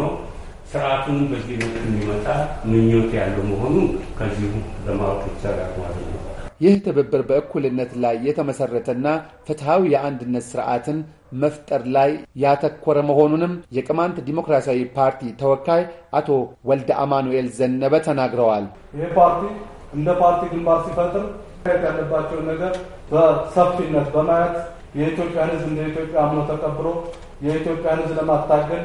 ስርዓቱን በዚህ መልክ የሚመጣ ምኞት ያለው መሆኑ ከዚሁ ለማወቅ ይቻላል ማለት ነው። ይህ ትብብር በእኩልነት ላይ የተመሰረተና ፍትሐዊ የአንድነት ስርዓትን መፍጠር ላይ ያተኮረ መሆኑንም የቅማንት ዲሞክራሲያዊ ፓርቲ ተወካይ አቶ ወልደ አማኑኤል ዘነበ ተናግረዋል። ይህ ፓርቲ እንደ ፓርቲ ግንባር ሲፈጥር ያለባቸውን ነገር በሰፊነት በማየት የኢትዮጵያን ሕዝብ እንደ ኢትዮጵያ አምኖ ተቀብሎ የኢትዮጵያን ሕዝብ ለማታገል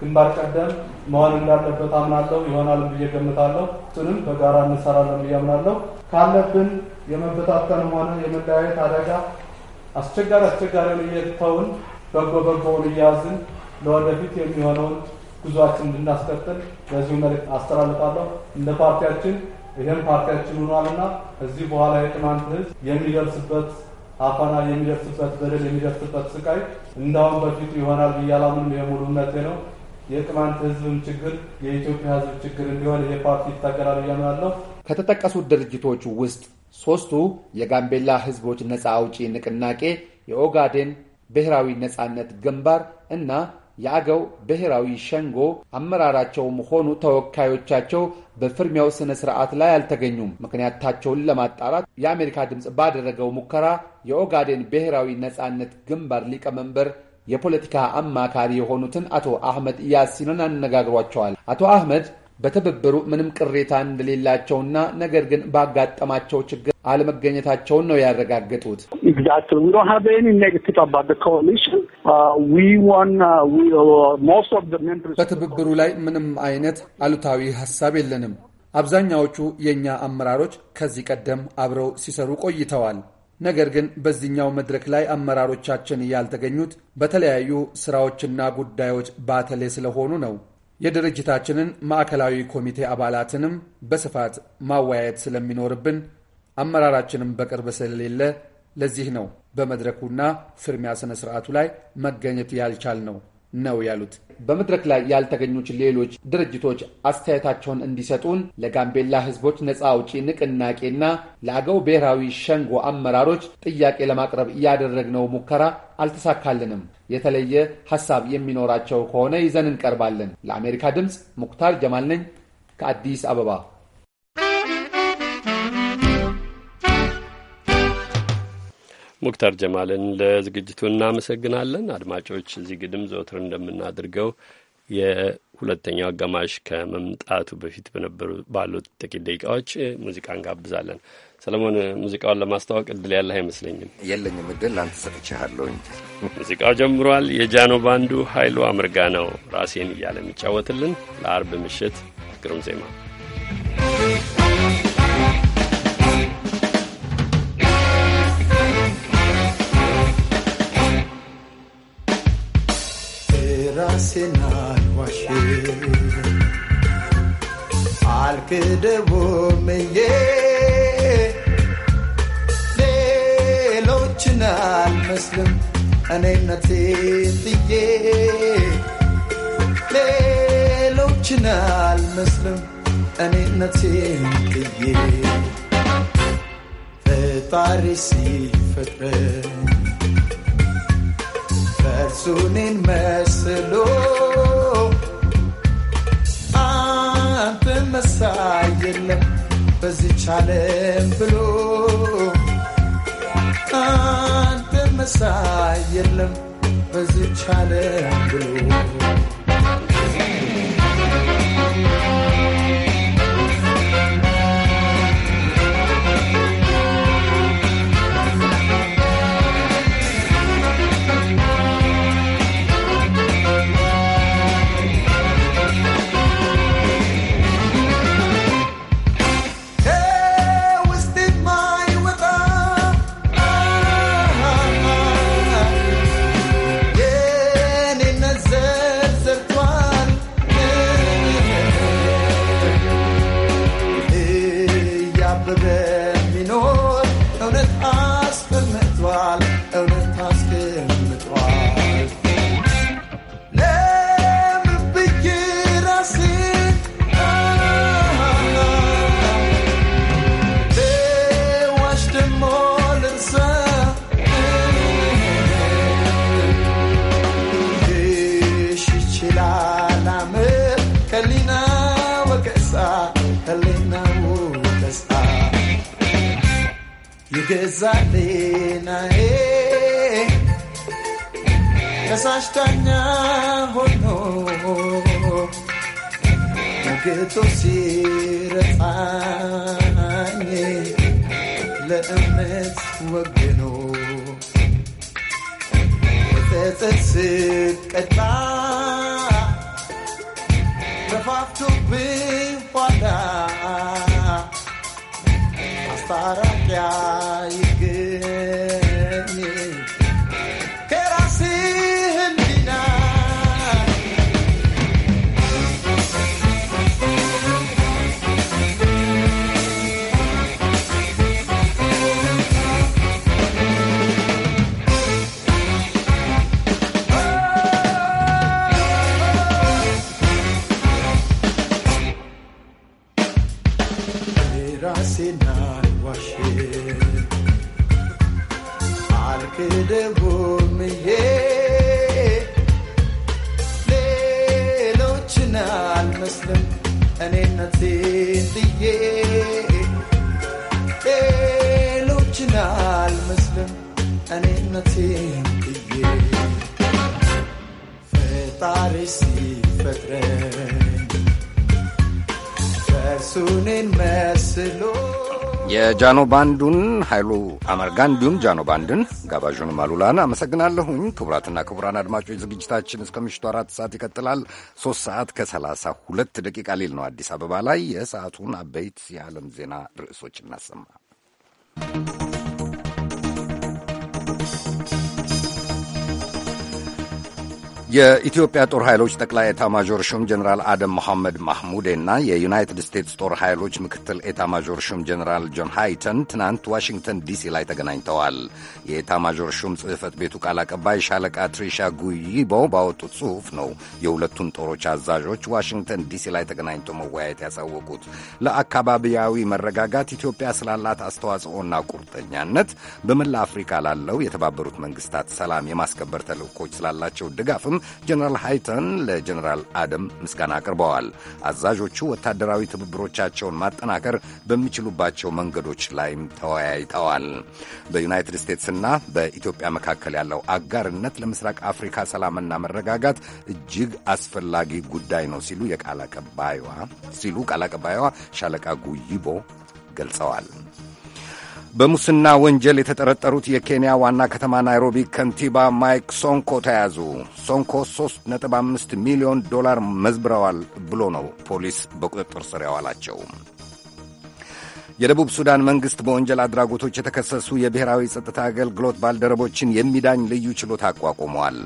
ግንባር ቀደም መሆን እንዳለበት አምናለሁ። ይሆናልም ብዬ ገምታለሁ። እሱንም በጋራ እንሰራለን ብዬ አምናለሁ። ካለብን የመበታተን ሆነ የመለያየት አደጋ አስቸጋሪ አስቸጋሪውን የተውን በጎ በጎውን እያዝን ለወደፊት የሚሆነውን ጉዟችን እንድናስቀጥል በዚሁ መልእክት አስተላልፋለሁ። እንደ ፓርቲያችን ይህም ፓርቲያችን ሆኗልና እዚህ በኋላ የቅማንት ህዝብ የሚደርስበት አፈና የሚደርስበት በደል የሚደርስበት ስቃይ እንዳሁን በፊቱ ይሆናል ብያላምን የሙሉ እምነቴ ነው። የቅማንት ህዝብም ችግር የኢትዮጵያ ህዝብ ችግር እንዲሆን ይህ ፓርቲ ይታገላል እያምናለሁ። ከተጠቀሱት ድርጅቶች ውስጥ ሦስቱ የጋምቤላ ሕዝቦች ነፃ አውጪ ንቅናቄ፣ የኦጋዴን ብሔራዊ ነፃነት ግንባር እና የአገው ብሔራዊ ሸንጎ አመራራቸውም ሆኑ ተወካዮቻቸው በፍርሚያው ሥነ ሥርዓት ላይ አልተገኙም። ምክንያታቸውን ለማጣራት የአሜሪካ ድምፅ ባደረገው ሙከራ የኦጋዴን ብሔራዊ ነፃነት ግንባር ሊቀመንበር የፖለቲካ አማካሪ የሆኑትን አቶ አህመድ ያሲንን አነጋግሯቸዋል። አቶ አህመድ በትብብሩ ምንም ቅሬታ እንደሌላቸውና ነገር ግን ባጋጠማቸው ችግር አለመገኘታቸውን ነው ያረጋገጡት። uh, uh, uh, በትብብሩ ላይ ምንም አይነት አሉታዊ ሀሳብ የለንም። አብዛኛዎቹ የእኛ አመራሮች ከዚህ ቀደም አብረው ሲሰሩ ቆይተዋል። ነገር ግን በዚህኛው መድረክ ላይ አመራሮቻችን ያልተገኙት በተለያዩ ስራዎችና ጉዳዮች ባተሌ ስለሆኑ ነው። የድርጅታችንን ማዕከላዊ ኮሚቴ አባላትንም በስፋት ማወያየት ስለሚኖርብን አመራራችንም በቅርብ ስለሌለ ለዚህ ነው በመድረኩና ፍርሚያ ስነ ስርዓቱ ላይ መገኘት ያልቻል ነው ነው ያሉት። በመድረክ ላይ ያልተገኙች ሌሎች ድርጅቶች አስተያየታቸውን እንዲሰጡን ለጋምቤላ ሕዝቦች ነፃ አውጪ ንቅናቄና ለአገው ብሔራዊ ሸንጎ አመራሮች ጥያቄ ለማቅረብ እያደረግነው ሙከራ አልተሳካልንም። የተለየ ሀሳብ የሚኖራቸው ከሆነ ይዘን እንቀርባለን። ለአሜሪካ ድምፅ ሙክታር ጀማል ነኝ ከአዲስ አበባ። ሙክታር ጀማልን ለዝግጅቱ እናመሰግናለን። አድማጮች፣ እዚህ ግድም ዘወትር እንደምናድርገው የሁለተኛው አጋማሽ ከመምጣቱ በፊት በነበሩ ባሉት ጥቂት ደቂቃዎች ሙዚቃ እንጋብዛለን። ሰለሞን ሙዚቃውን ለማስተዋወቅ እድል ያለህ አይመስለኝም። የለኝም እድል አንተ ሰጥቻለሁኝ። ሙዚቃው ጀምሯል። የጃኖ ባንዱ ኃይሉ አምርጋ ነው ራሴን እያለ የሚጫወትልን ለአርብ ምሽት ግሩም ዜማ ራሴናዋሽ አልክደቦምዬ አልመስልም እኔነቴ ጥዬ ሌሎችን አልመስልም እኔነቴ ጥዬ ፈጣሪ ሲፈጥረኝ በእርሱ እኔን መስሎ አንተ መሳይ የለም በዚች ዓለም ብሎ አንተ መሳይ የለም በዚች ብሎ ዛሌናዬ ከሳሽ ዳኛ ሆኖ ሞገቶ ሲረጣኝ ለእምነት ወግኖ በጸጸት ስቀጣ በፋፍቶብኝ ኋላ አስታራቂያ ጃኖ ባንዱን ኃይሉ አመርጋ እንዲሁም ጃኖ ባንድን ጋባዥንም አሉላን አመሰግናለሁኝ። ክቡራትና ክቡራን አድማጮች ዝግጅታችን እስከ ምሽቱ አራት ሰዓት ይቀጥላል። ሶስት ሰዓት ከሰላሳ ሁለት ደቂቃ ሌል ነው አዲስ አበባ ላይ። የሰዓቱን አበይት የዓለም ዜና ርዕሶች እናሰማ። የኢትዮጵያ ጦር ኃይሎች ጠቅላይ ኤታ ማዦር ሹም ጀኔራል አደም መሐመድ ማህሙዴ የዩናይትድ ስቴትስ ጦር ኃይሎች ምክትል ኤታ ማዦር ሹም ጀኔራል ጆን ሃይተን ትናንት ዋሽንግተን ዲሲ ላይ ተገናኝተዋል። የኤታ ማዦር ሹም ጽህፈት ቤቱ ቃል አቀባይ ሻለቃ ትሪሻ ጉይቦ ባወጡት ጽሑፍ ነው የሁለቱን ጦሮች አዛዦች ዋሽንግተን ዲሲ ላይ ተገናኝቶ መወያየት ያሳወቁት። ለአካባቢያዊ መረጋጋት ኢትዮጵያ ስላላት አስተዋጽኦና ቁርጠኛነት፣ በመላ አፍሪካ ላለው የተባበሩት መንግስታት ሰላም የማስከበር ተልእኮች ስላላቸው ድጋፍም ጀነራል ሃይተን ለጀነራል አደም ምስጋና አቅርበዋል። አዛዦቹ ወታደራዊ ትብብሮቻቸውን ማጠናከር በሚችሉባቸው መንገዶች ላይም ተወያይተዋል። በዩናይትድ ስቴትስና በኢትዮጵያ መካከል ያለው አጋርነት ለምስራቅ አፍሪካ ሰላምና መረጋጋት እጅግ አስፈላጊ ጉዳይ ነው ሲሉ የቃል አቀባይዋ ሲሉ ቃል አቀባይዋ ሻለቃ ጉይቦ ገልጸዋል። በሙስና ወንጀል የተጠረጠሩት የኬንያ ዋና ከተማ ናይሮቢ ከንቲባ ማይክ ሶንኮ ተያዙ። ሶንኮ 3.5 ሚሊዮን ዶላር መዝብረዋል ብሎ ነው ፖሊስ በቁጥጥር ስር ያዋላቸው። የደቡብ ሱዳን መንግሥት በወንጀል አድራጎቶች የተከሰሱ የብሔራዊ ጸጥታ አገልግሎት ባልደረቦችን የሚዳኝ ልዩ ችሎት አቋቁመዋል።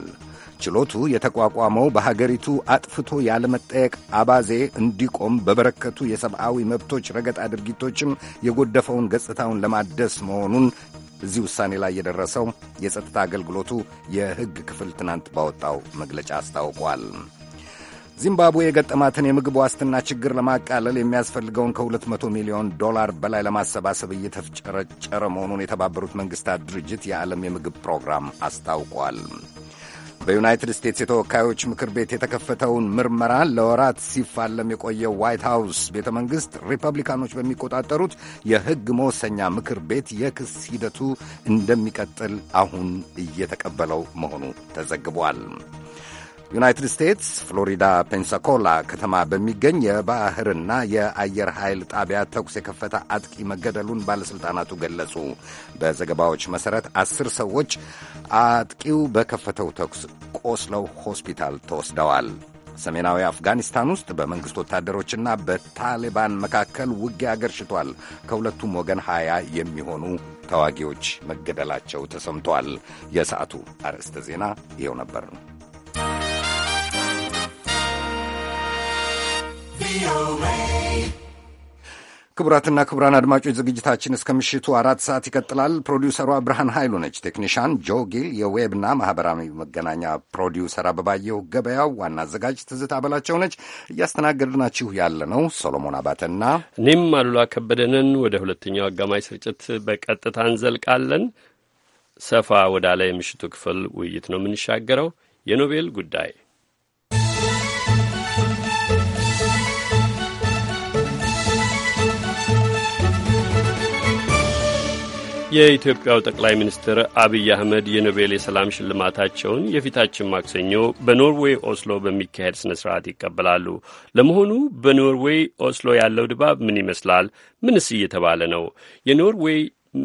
ችሎቱ የተቋቋመው በሀገሪቱ አጥፍቶ ያለመጠየቅ አባዜ እንዲቆም በበረከቱ የሰብአዊ መብቶች ረገጣ ድርጊቶችም የጎደፈውን ገጽታውን ለማደስ መሆኑን እዚህ ውሳኔ ላይ የደረሰው የጸጥታ አገልግሎቱ የሕግ ክፍል ትናንት ባወጣው መግለጫ አስታውቋል። ዚምባብዌ የገጠማትን የምግብ ዋስትና ችግር ለማቃለል የሚያስፈልገውን ከ200 ሚሊዮን ዶላር በላይ ለማሰባሰብ እየተፍጨረጨረ መሆኑን የተባበሩት መንግሥታት ድርጅት የዓለም የምግብ ፕሮግራም አስታውቋል። በዩናይትድ ስቴትስ የተወካዮች ምክር ቤት የተከፈተውን ምርመራ ለወራት ሲፋለም የቆየው ዋይት ሃውስ ቤተ መንግሥት ሪፐብሊካኖች በሚቆጣጠሩት የሕግ መወሰኛ ምክር ቤት የክስ ሂደቱ እንደሚቀጥል አሁን እየተቀበለው መሆኑ ተዘግቧል። ዩናይትድ ስቴትስ ፍሎሪዳ ፔንሳኮላ ከተማ በሚገኝ የባህርና የአየር ኃይል ጣቢያ ተኩስ የከፈተ አጥቂ መገደሉን ባለሥልጣናቱ ገለጹ። በዘገባዎች መሠረት አስር ሰዎች አጥቂው በከፈተው ተኩስ ቆስለው ሆስፒታል ተወስደዋል። ሰሜናዊ አፍጋኒስታን ውስጥ በመንግሥት ወታደሮችና በታሊባን መካከል ውጊያ አገርሽቷል። ከሁለቱም ወገን ሃያ የሚሆኑ ተዋጊዎች መገደላቸው ተሰምቷል። የሰዓቱ አርዕስተ ዜና ይኸው ነበር። ክቡራትና ክቡራን አድማጮች ዝግጅታችን እስከ ምሽቱ አራት ሰዓት ይቀጥላል። ፕሮዲውሰሯ ብርሃን ኃይሉ ነች። ቴክኒሻን ጆ ጊል፣ የዌብና ማህበራዊ መገናኛ ፕሮዲውሰር አበባየሁ ገበያው፣ ዋና አዘጋጅ ትዝታ በላቸው ነች። እያስተናገድናችሁ ያለ ነው ሶሎሞን አባተና እኔም አሉላ ከበደንን። ወደ ሁለተኛው አጋማሽ ስርጭት በቀጥታ እንዘልቃለን። ሰፋ ወዳለ የምሽቱ ክፍል ውይይት ነው የምንሻገረው የኖቤል ጉዳይ የኢትዮጵያው ጠቅላይ ሚኒስትር አብይ አህመድ የኖቤል የሰላም ሽልማታቸውን የፊታችን ማክሰኞ በኖርዌይ ኦስሎ በሚካሄድ ስነ ስርዓት ይቀበላሉ። ለመሆኑ በኖርዌይ ኦስሎ ያለው ድባብ ምን ይመስላል? ምንስ እየተባለ ነው? የኖርዌይ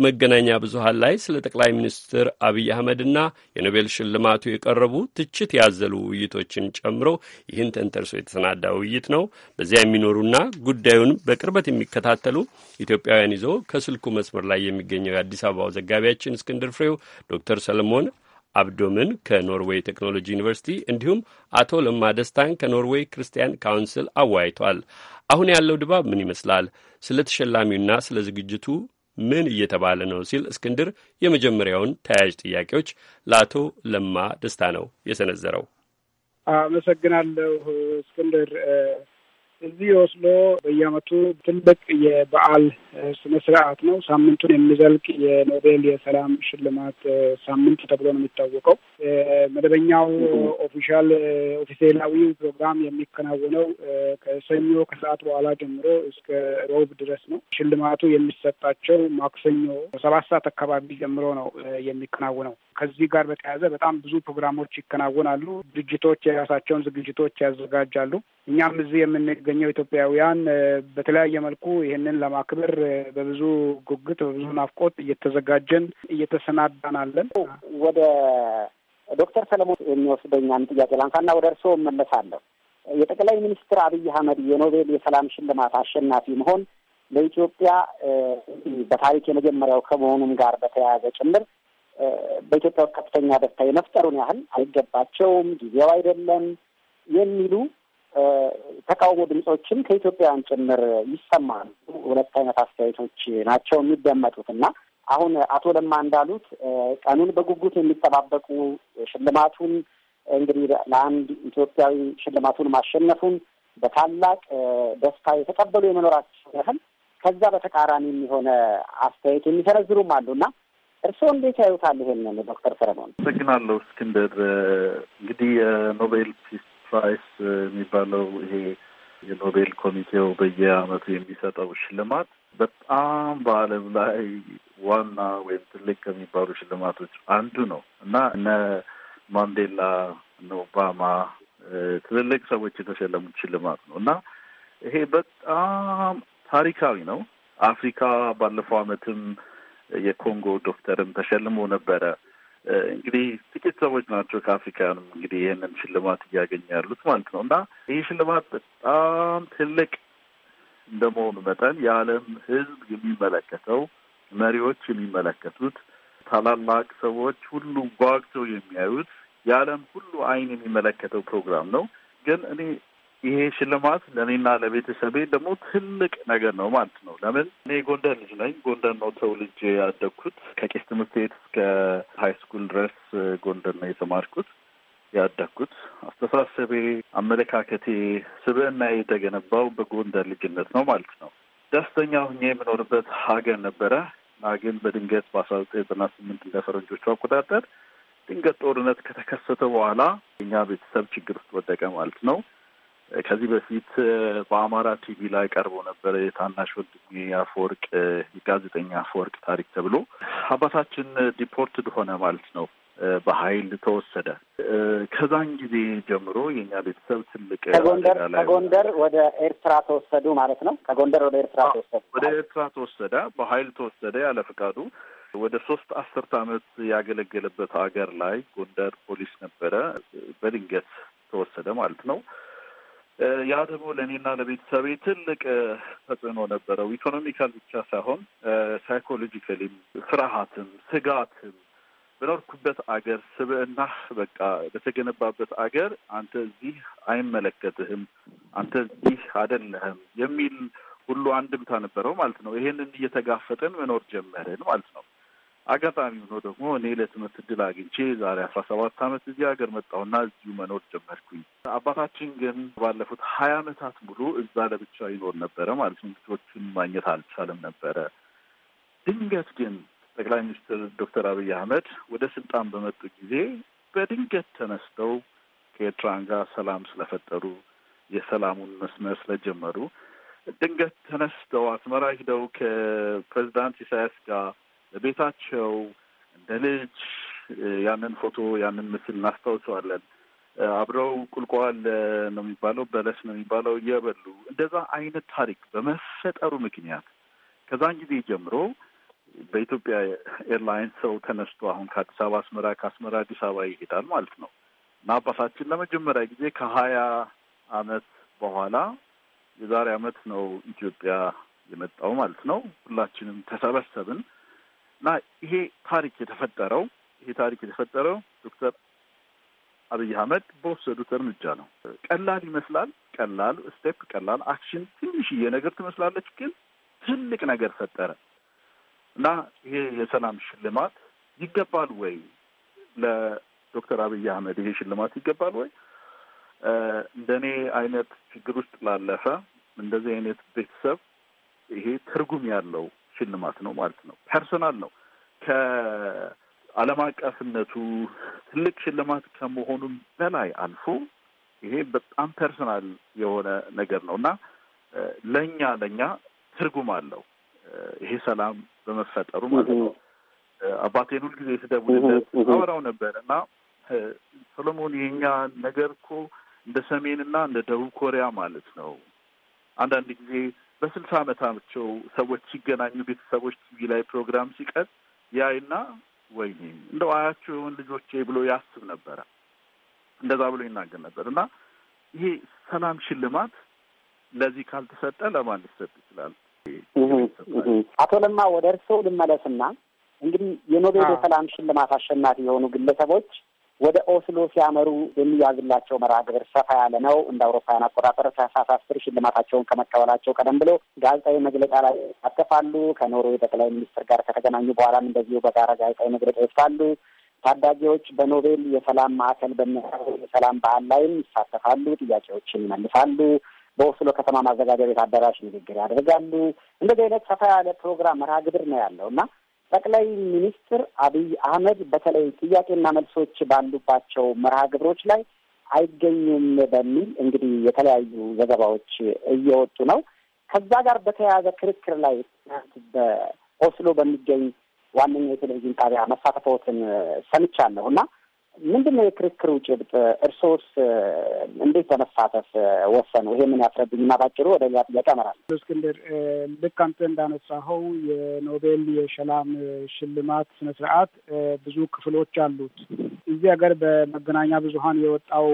መገናኛ ብዙሃን ላይ ስለ ጠቅላይ ሚኒስትር አብይ አህመድና የኖቤል ሽልማቱ የቀረቡ ትችት ያዘሉ ውይይቶችን ጨምሮ ይህን ተንተርሶ የተሰናዳ ውይይት ነው። በዚያ የሚኖሩና ጉዳዩን በቅርበት የሚከታተሉ ኢትዮጵያውያን ይዞ ከስልኩ መስመር ላይ የሚገኘው የአዲስ አበባው ዘጋቢያችን እስክንድር ፍሬው ዶክተር ሰለሞን አብዶምን ከኖርዌይ ቴክኖሎጂ ዩኒቨርሲቲ እንዲሁም አቶ ለማ ደስታን ከኖርዌይ ክርስቲያን ካውንስል አወያይቷል። አሁን ያለው ድባብ ምን ይመስላል? ስለ ተሸላሚውና ስለ ዝግጅቱ ምን እየተባለ ነው ሲል እስክንድር የመጀመሪያውን ተያያዥ ጥያቄዎች ለአቶ ለማ ደስታ ነው የሰነዘረው። አመሰግናለሁ እስክንድር። እዚህ ኦስሎ በየዓመቱ ትልቅ የበዓል ስነ ስርዓት ነው። ሳምንቱን የሚዘልቅ የኖቤል የሰላም ሽልማት ሳምንት ተብሎ ነው የሚታወቀው። መደበኛው ኦፊሻል ኦፊሴላዊ ፕሮግራም የሚከናወነው ከሰኞ ከሰዓት በኋላ ጀምሮ እስከ ሮብ ድረስ ነው። ሽልማቱ የሚሰጣቸው ማክሰኞ ሰባት ሰዓት አካባቢ ጀምሮ ነው የሚከናወነው። ከዚህ ጋር በተያያዘ በጣም ብዙ ፕሮግራሞች ይከናወናሉ። ድርጅቶች የራሳቸውን ዝግጅቶች ያዘጋጃሉ። እኛም እዚህ የምንገኘው ኢትዮጵያውያን በተለያየ መልኩ ይህንን ለማክበር በብዙ ጉጉት፣ በብዙ ናፍቆት እየተዘጋጀን እየተሰናዳናለን። ወደ ዶክተር ሰለሞን የሚወስደኛን ጥያቄ ላንሳና ወደ እርስዎ እመለሳለሁ። የጠቅላይ ሚኒስትር አብይ አህመድ የኖቤል የሰላም ሽልማት አሸናፊ መሆን ለኢትዮጵያ በታሪክ የመጀመሪያው ከመሆኑም ጋር በተያያዘ ጭምር በኢትዮጵያ ውስጥ ከፍተኛ ደስታ የመፍጠሩን ያህል አይገባቸውም፣ ጊዜው አይደለም የሚሉ ተቃውሞ ድምፆችም ከኢትዮጵያውያን ጭምር ይሰማሉ። ሁለት አይነት አስተያየቶች ናቸው የሚደመጡት እና አሁን አቶ ለማ እንዳሉት ቀኑን በጉጉት የሚጠባበቁ ሽልማቱን እንግዲህ ለአንድ ኢትዮጵያዊ ሽልማቱን ማሸነፉን በታላቅ ደስታ የተቀበሉ የመኖራቸው ያህል ከዛ በተቃራኒ የሆነ አስተያየት የሚሰነዝሩም አሉ እና እርስዎ እንዴት ያዩታል ይሄንን? ዶክተር ሰለሞን አመሰግናለሁ። እስክንድር እንግዲህ የኖቤል ፒስ ፕራይስ የሚባለው ይሄ የኖቤል ኮሚቴው በየአመቱ የሚሰጠው ሽልማት በጣም በዓለም ላይ ዋና ወይም ትልቅ ከሚባሉ ሽልማቶች አንዱ ነው እና እነ ማንዴላ እነ ኦባማ ትልልቅ ሰዎች የተሸለሙት ሽልማት ነው እና ይሄ በጣም ታሪካዊ ነው። አፍሪካ ባለፈው አመትም የኮንጎ ዶክተርም ተሸልሞ ነበረ። እንግዲህ ጥቂት ሰዎች ናቸው ከአፍሪካንም እንግዲህ ይህንን ሽልማት እያገኙ ያሉት ማለት ነው እና ይህ ሽልማት በጣም ትልቅ እንደመሆኑ መጠን የዓለም ሕዝብ የሚመለከተው መሪዎች የሚመለከቱት ታላላቅ ሰዎች ሁሉ ጓግተው የሚያዩት የዓለም ሁሉ አይን የሚመለከተው ፕሮግራም ነው። ግን እኔ ይሄ ሽልማት ለእኔና ለቤተሰቤ ደግሞ ትልቅ ነገር ነው ማለት ነው። ለምን እኔ ጎንደር ልጅ ነኝ። ጎንደር ነው ተወልጄ ያደግኩት። ከቄስ ትምህርት ቤት እስከ ሀይ ስኩል ድረስ ጎንደር ነው የተማርኩት ያደግኩት። አስተሳሰቤ፣ አመለካከቴ፣ ስብዕና የተገነባው በጎንደር ልጅነት ነው ማለት ነው። ደስተኛ ሁኜ የምኖርበት ሀገር ነበረ እና ግን በድንገት በአስራ ዘጠኝ ዘጠና ስምንት እንደ ፈረንጆቹ አቆጣጠር ድንገት ጦርነት ከተከሰተ በኋላ እኛ ቤተሰብ ችግር ውስጥ ወደቀ ማለት ነው። ከዚህ በፊት በአማራ ቲቪ ላይ ቀርቦ ነበረ። የታናሽ ወንድሜ አፈወርቅ የጋዜጠኛ አፈወርቅ ታሪክ ተብሎ አባታችን ዲፖርትድ ሆነ ማለት ነው። በኃይል ተወሰደ። ከዛን ጊዜ ጀምሮ የኛ ቤተሰብ ትልቅ ከጎንደር ከጎንደር ወደ ኤርትራ ተወሰዱ ማለት ነው። ከጎንደር ወደ ኤርትራ ተወሰዱ፣ ወደ ኤርትራ ተወሰደ፣ በኃይል ተወሰደ ያለ ፈቃዱ ወደ ሶስት አስርት ዓመት ያገለገለበት ሀገር ላይ ጎንደር ፖሊስ ነበረ። በድንገት ተወሰደ ማለት ነው። ያ ደግሞ ለእኔና ለቤተሰቤ ትልቅ ተጽዕኖ ነበረው። ኢኮኖሚካል ብቻ ሳይሆን ሳይኮሎጂካሊም፣ ፍርሃትም፣ ስጋትም በኖርኩበት አገር ስብዕናህ በቃ በተገነባበት አገር አንተ እዚህ አይመለከትህም፣ አንተ እዚህ አይደለህም የሚል ሁሉ አንድምታ ነበረው ማለት ነው። ይሄንን እየተጋፈጥን መኖር ጀመርን ማለት ነው። አጋጣሚ ሆኖ ደግሞ እኔ ለትምህርት እድል አግኝቼ ዛሬ አስራ ሰባት ዓመት እዚህ ሀገር መጣሁና እዚሁ መኖር ጀመርኩኝ። አባታችን ግን ባለፉት ሀያ ዓመታት ሙሉ እዛ ለብቻ ይኖር ነበረ ማለት ነው። ልጆቹን ማግኘት አልቻለም ነበረ። ድንገት ግን ጠቅላይ ሚኒስትር ዶክተር አብይ አህመድ ወደ ስልጣን በመጡ ጊዜ በድንገት ተነስተው ከኤርትራን ጋር ሰላም ስለፈጠሩ የሰላሙን መስመር ስለጀመሩ ድንገት ተነስተው አስመራ ሂደው ከፕሬዚዳንት ኢሳያስ ጋር ቤታቸው እንደ ልጅ ያንን ፎቶ ያንን ምስል እናስታውሰዋለን። አብረው ቁልቋል ነው የሚባለው በለስ ነው የሚባለው እየበሉ እንደዛ አይነት ታሪክ በመፈጠሩ ምክንያት ከዛን ጊዜ ጀምሮ በኢትዮጵያ ኤርላይንስ ሰው ተነስቶ አሁን ከአዲስ አበባ አስመራ፣ ከአስመራ አዲስ አበባ ይሄዳል ማለት ነው እና አባታችን ለመጀመሪያ ጊዜ ከሀያ አመት በኋላ የዛሬ አመት ነው ኢትዮጵያ የመጣው ማለት ነው። ሁላችንም ተሰበሰብን። እና ይሄ ታሪክ የተፈጠረው ይሄ ታሪክ የተፈጠረው ዶክተር አብይ አህመድ በወሰዱት እርምጃ ነው። ቀላል ይመስላል። ቀላል ስቴፕ፣ ቀላል አክሽን፣ ትንሽዬ ነገር ትመስላለች፣ ግን ትልቅ ነገር ፈጠረ እና ይሄ የሰላም ሽልማት ይገባል ወይ ለዶክተር አብይ አህመድ ይሄ ሽልማት ይገባል ወይ? እንደ እኔ አይነት ችግር ውስጥ ላለፈ እንደዚህ አይነት ቤተሰብ ይሄ ትርጉም ያለው ሽልማት ነው ማለት ነው። ፐርሶናል ነው ከዓለም አቀፍነቱ ትልቅ ሽልማት ከመሆኑም በላይ አልፎ ይሄ በጣም ፐርሶናል የሆነ ነገር ነው እና ለእኛ ለእኛ ትርጉም አለው ይሄ ሰላም በመፈጠሩ ማለት ነው። አባቴን ሁልጊዜ ስደውልለት አወራው ነበር እና ሰሎሞን የኛ ነገር እኮ እንደ ሰሜንና እንደ ደቡብ ኮሪያ ማለት ነው። አንዳንድ ጊዜ በስልሳ ዓመታቸው ሰዎች ሲገናኙ ቤተሰቦች ቲቪ ላይ ፕሮግራም ሲቀር ያይና ወይኔ እንደው አያቸው የሆን ልጆቼ ብሎ ያስብ ነበረ። እንደዛ ብሎ ይናገር ነበር እና ይሄ ሰላም ሽልማት ለዚህ ካልተሰጠ ለማን ሊሰጥ ይችላል? አቶ ለማ ወደ እርስዎ ልመለስና እንግዲህ የኖቤል የሰላም ሽልማት አሸናፊ የሆኑ ግለሰቦች ወደ ኦስሎ ሲያመሩ የሚያዝላቸው መርሃ ግብር ሰፋ ያለ ነው። እንደ አውሮፓውያን አቆጣጠር ታህሳስ አስር ሽልማታቸውን ከመቀበላቸው ቀደም ብሎ ጋዜጣዊ መግለጫ ላይ ይሳተፋሉ። ከኖርዌይ ጠቅላይ ሚኒስትር ጋር ከተገናኙ በኋላም እንደዚሁ በጋራ ጋዜጣዊ መግለጫ ይወስዳሉ። ታዳጊዎች በኖቤል የሰላም ማዕከል በሚያቀርቡ የሰላም በዓል ላይም ይሳተፋሉ፣ ጥያቄዎችን ይመልሳሉ። በኦስሎ ከተማ ማዘጋጃ ቤት አዳራሽ ንግግር ያደርጋሉ። እንደዚህ አይነት ሰፋ ያለ ፕሮግራም መርሃ ግብር ነው ያለው እና ጠቅላይ ሚኒስትር አብይ አህመድ በተለይ ጥያቄና መልሶች ባሉባቸው መርሃ ግብሮች ላይ አይገኙም በሚል እንግዲህ የተለያዩ ዘገባዎች እየወጡ ነው። ከዛ ጋር በተያያዘ ክርክር ላይ ትናንት በኦስሎ በሚገኝ ዋነኛ የቴሌቪዥን ጣቢያ መሳተፎትን ሰምቻለሁ እና ምንድን ነው የክርክር ጭብጥ? እርስዎስ እንዴት በመሳተፍ ወሰኑ? ይሄ ምን ያስረብኝና ባጭሩ ወደ ሌላ ጥያቄ ያመራል። እስክንድር፣ ልክ አንተ እንዳነሳኸው የኖቤል የሰላም ሽልማት ስነ ስርዓት ብዙ ክፍሎች አሉት። እዚህ ሀገር በመገናኛ ብዙኃን የወጣው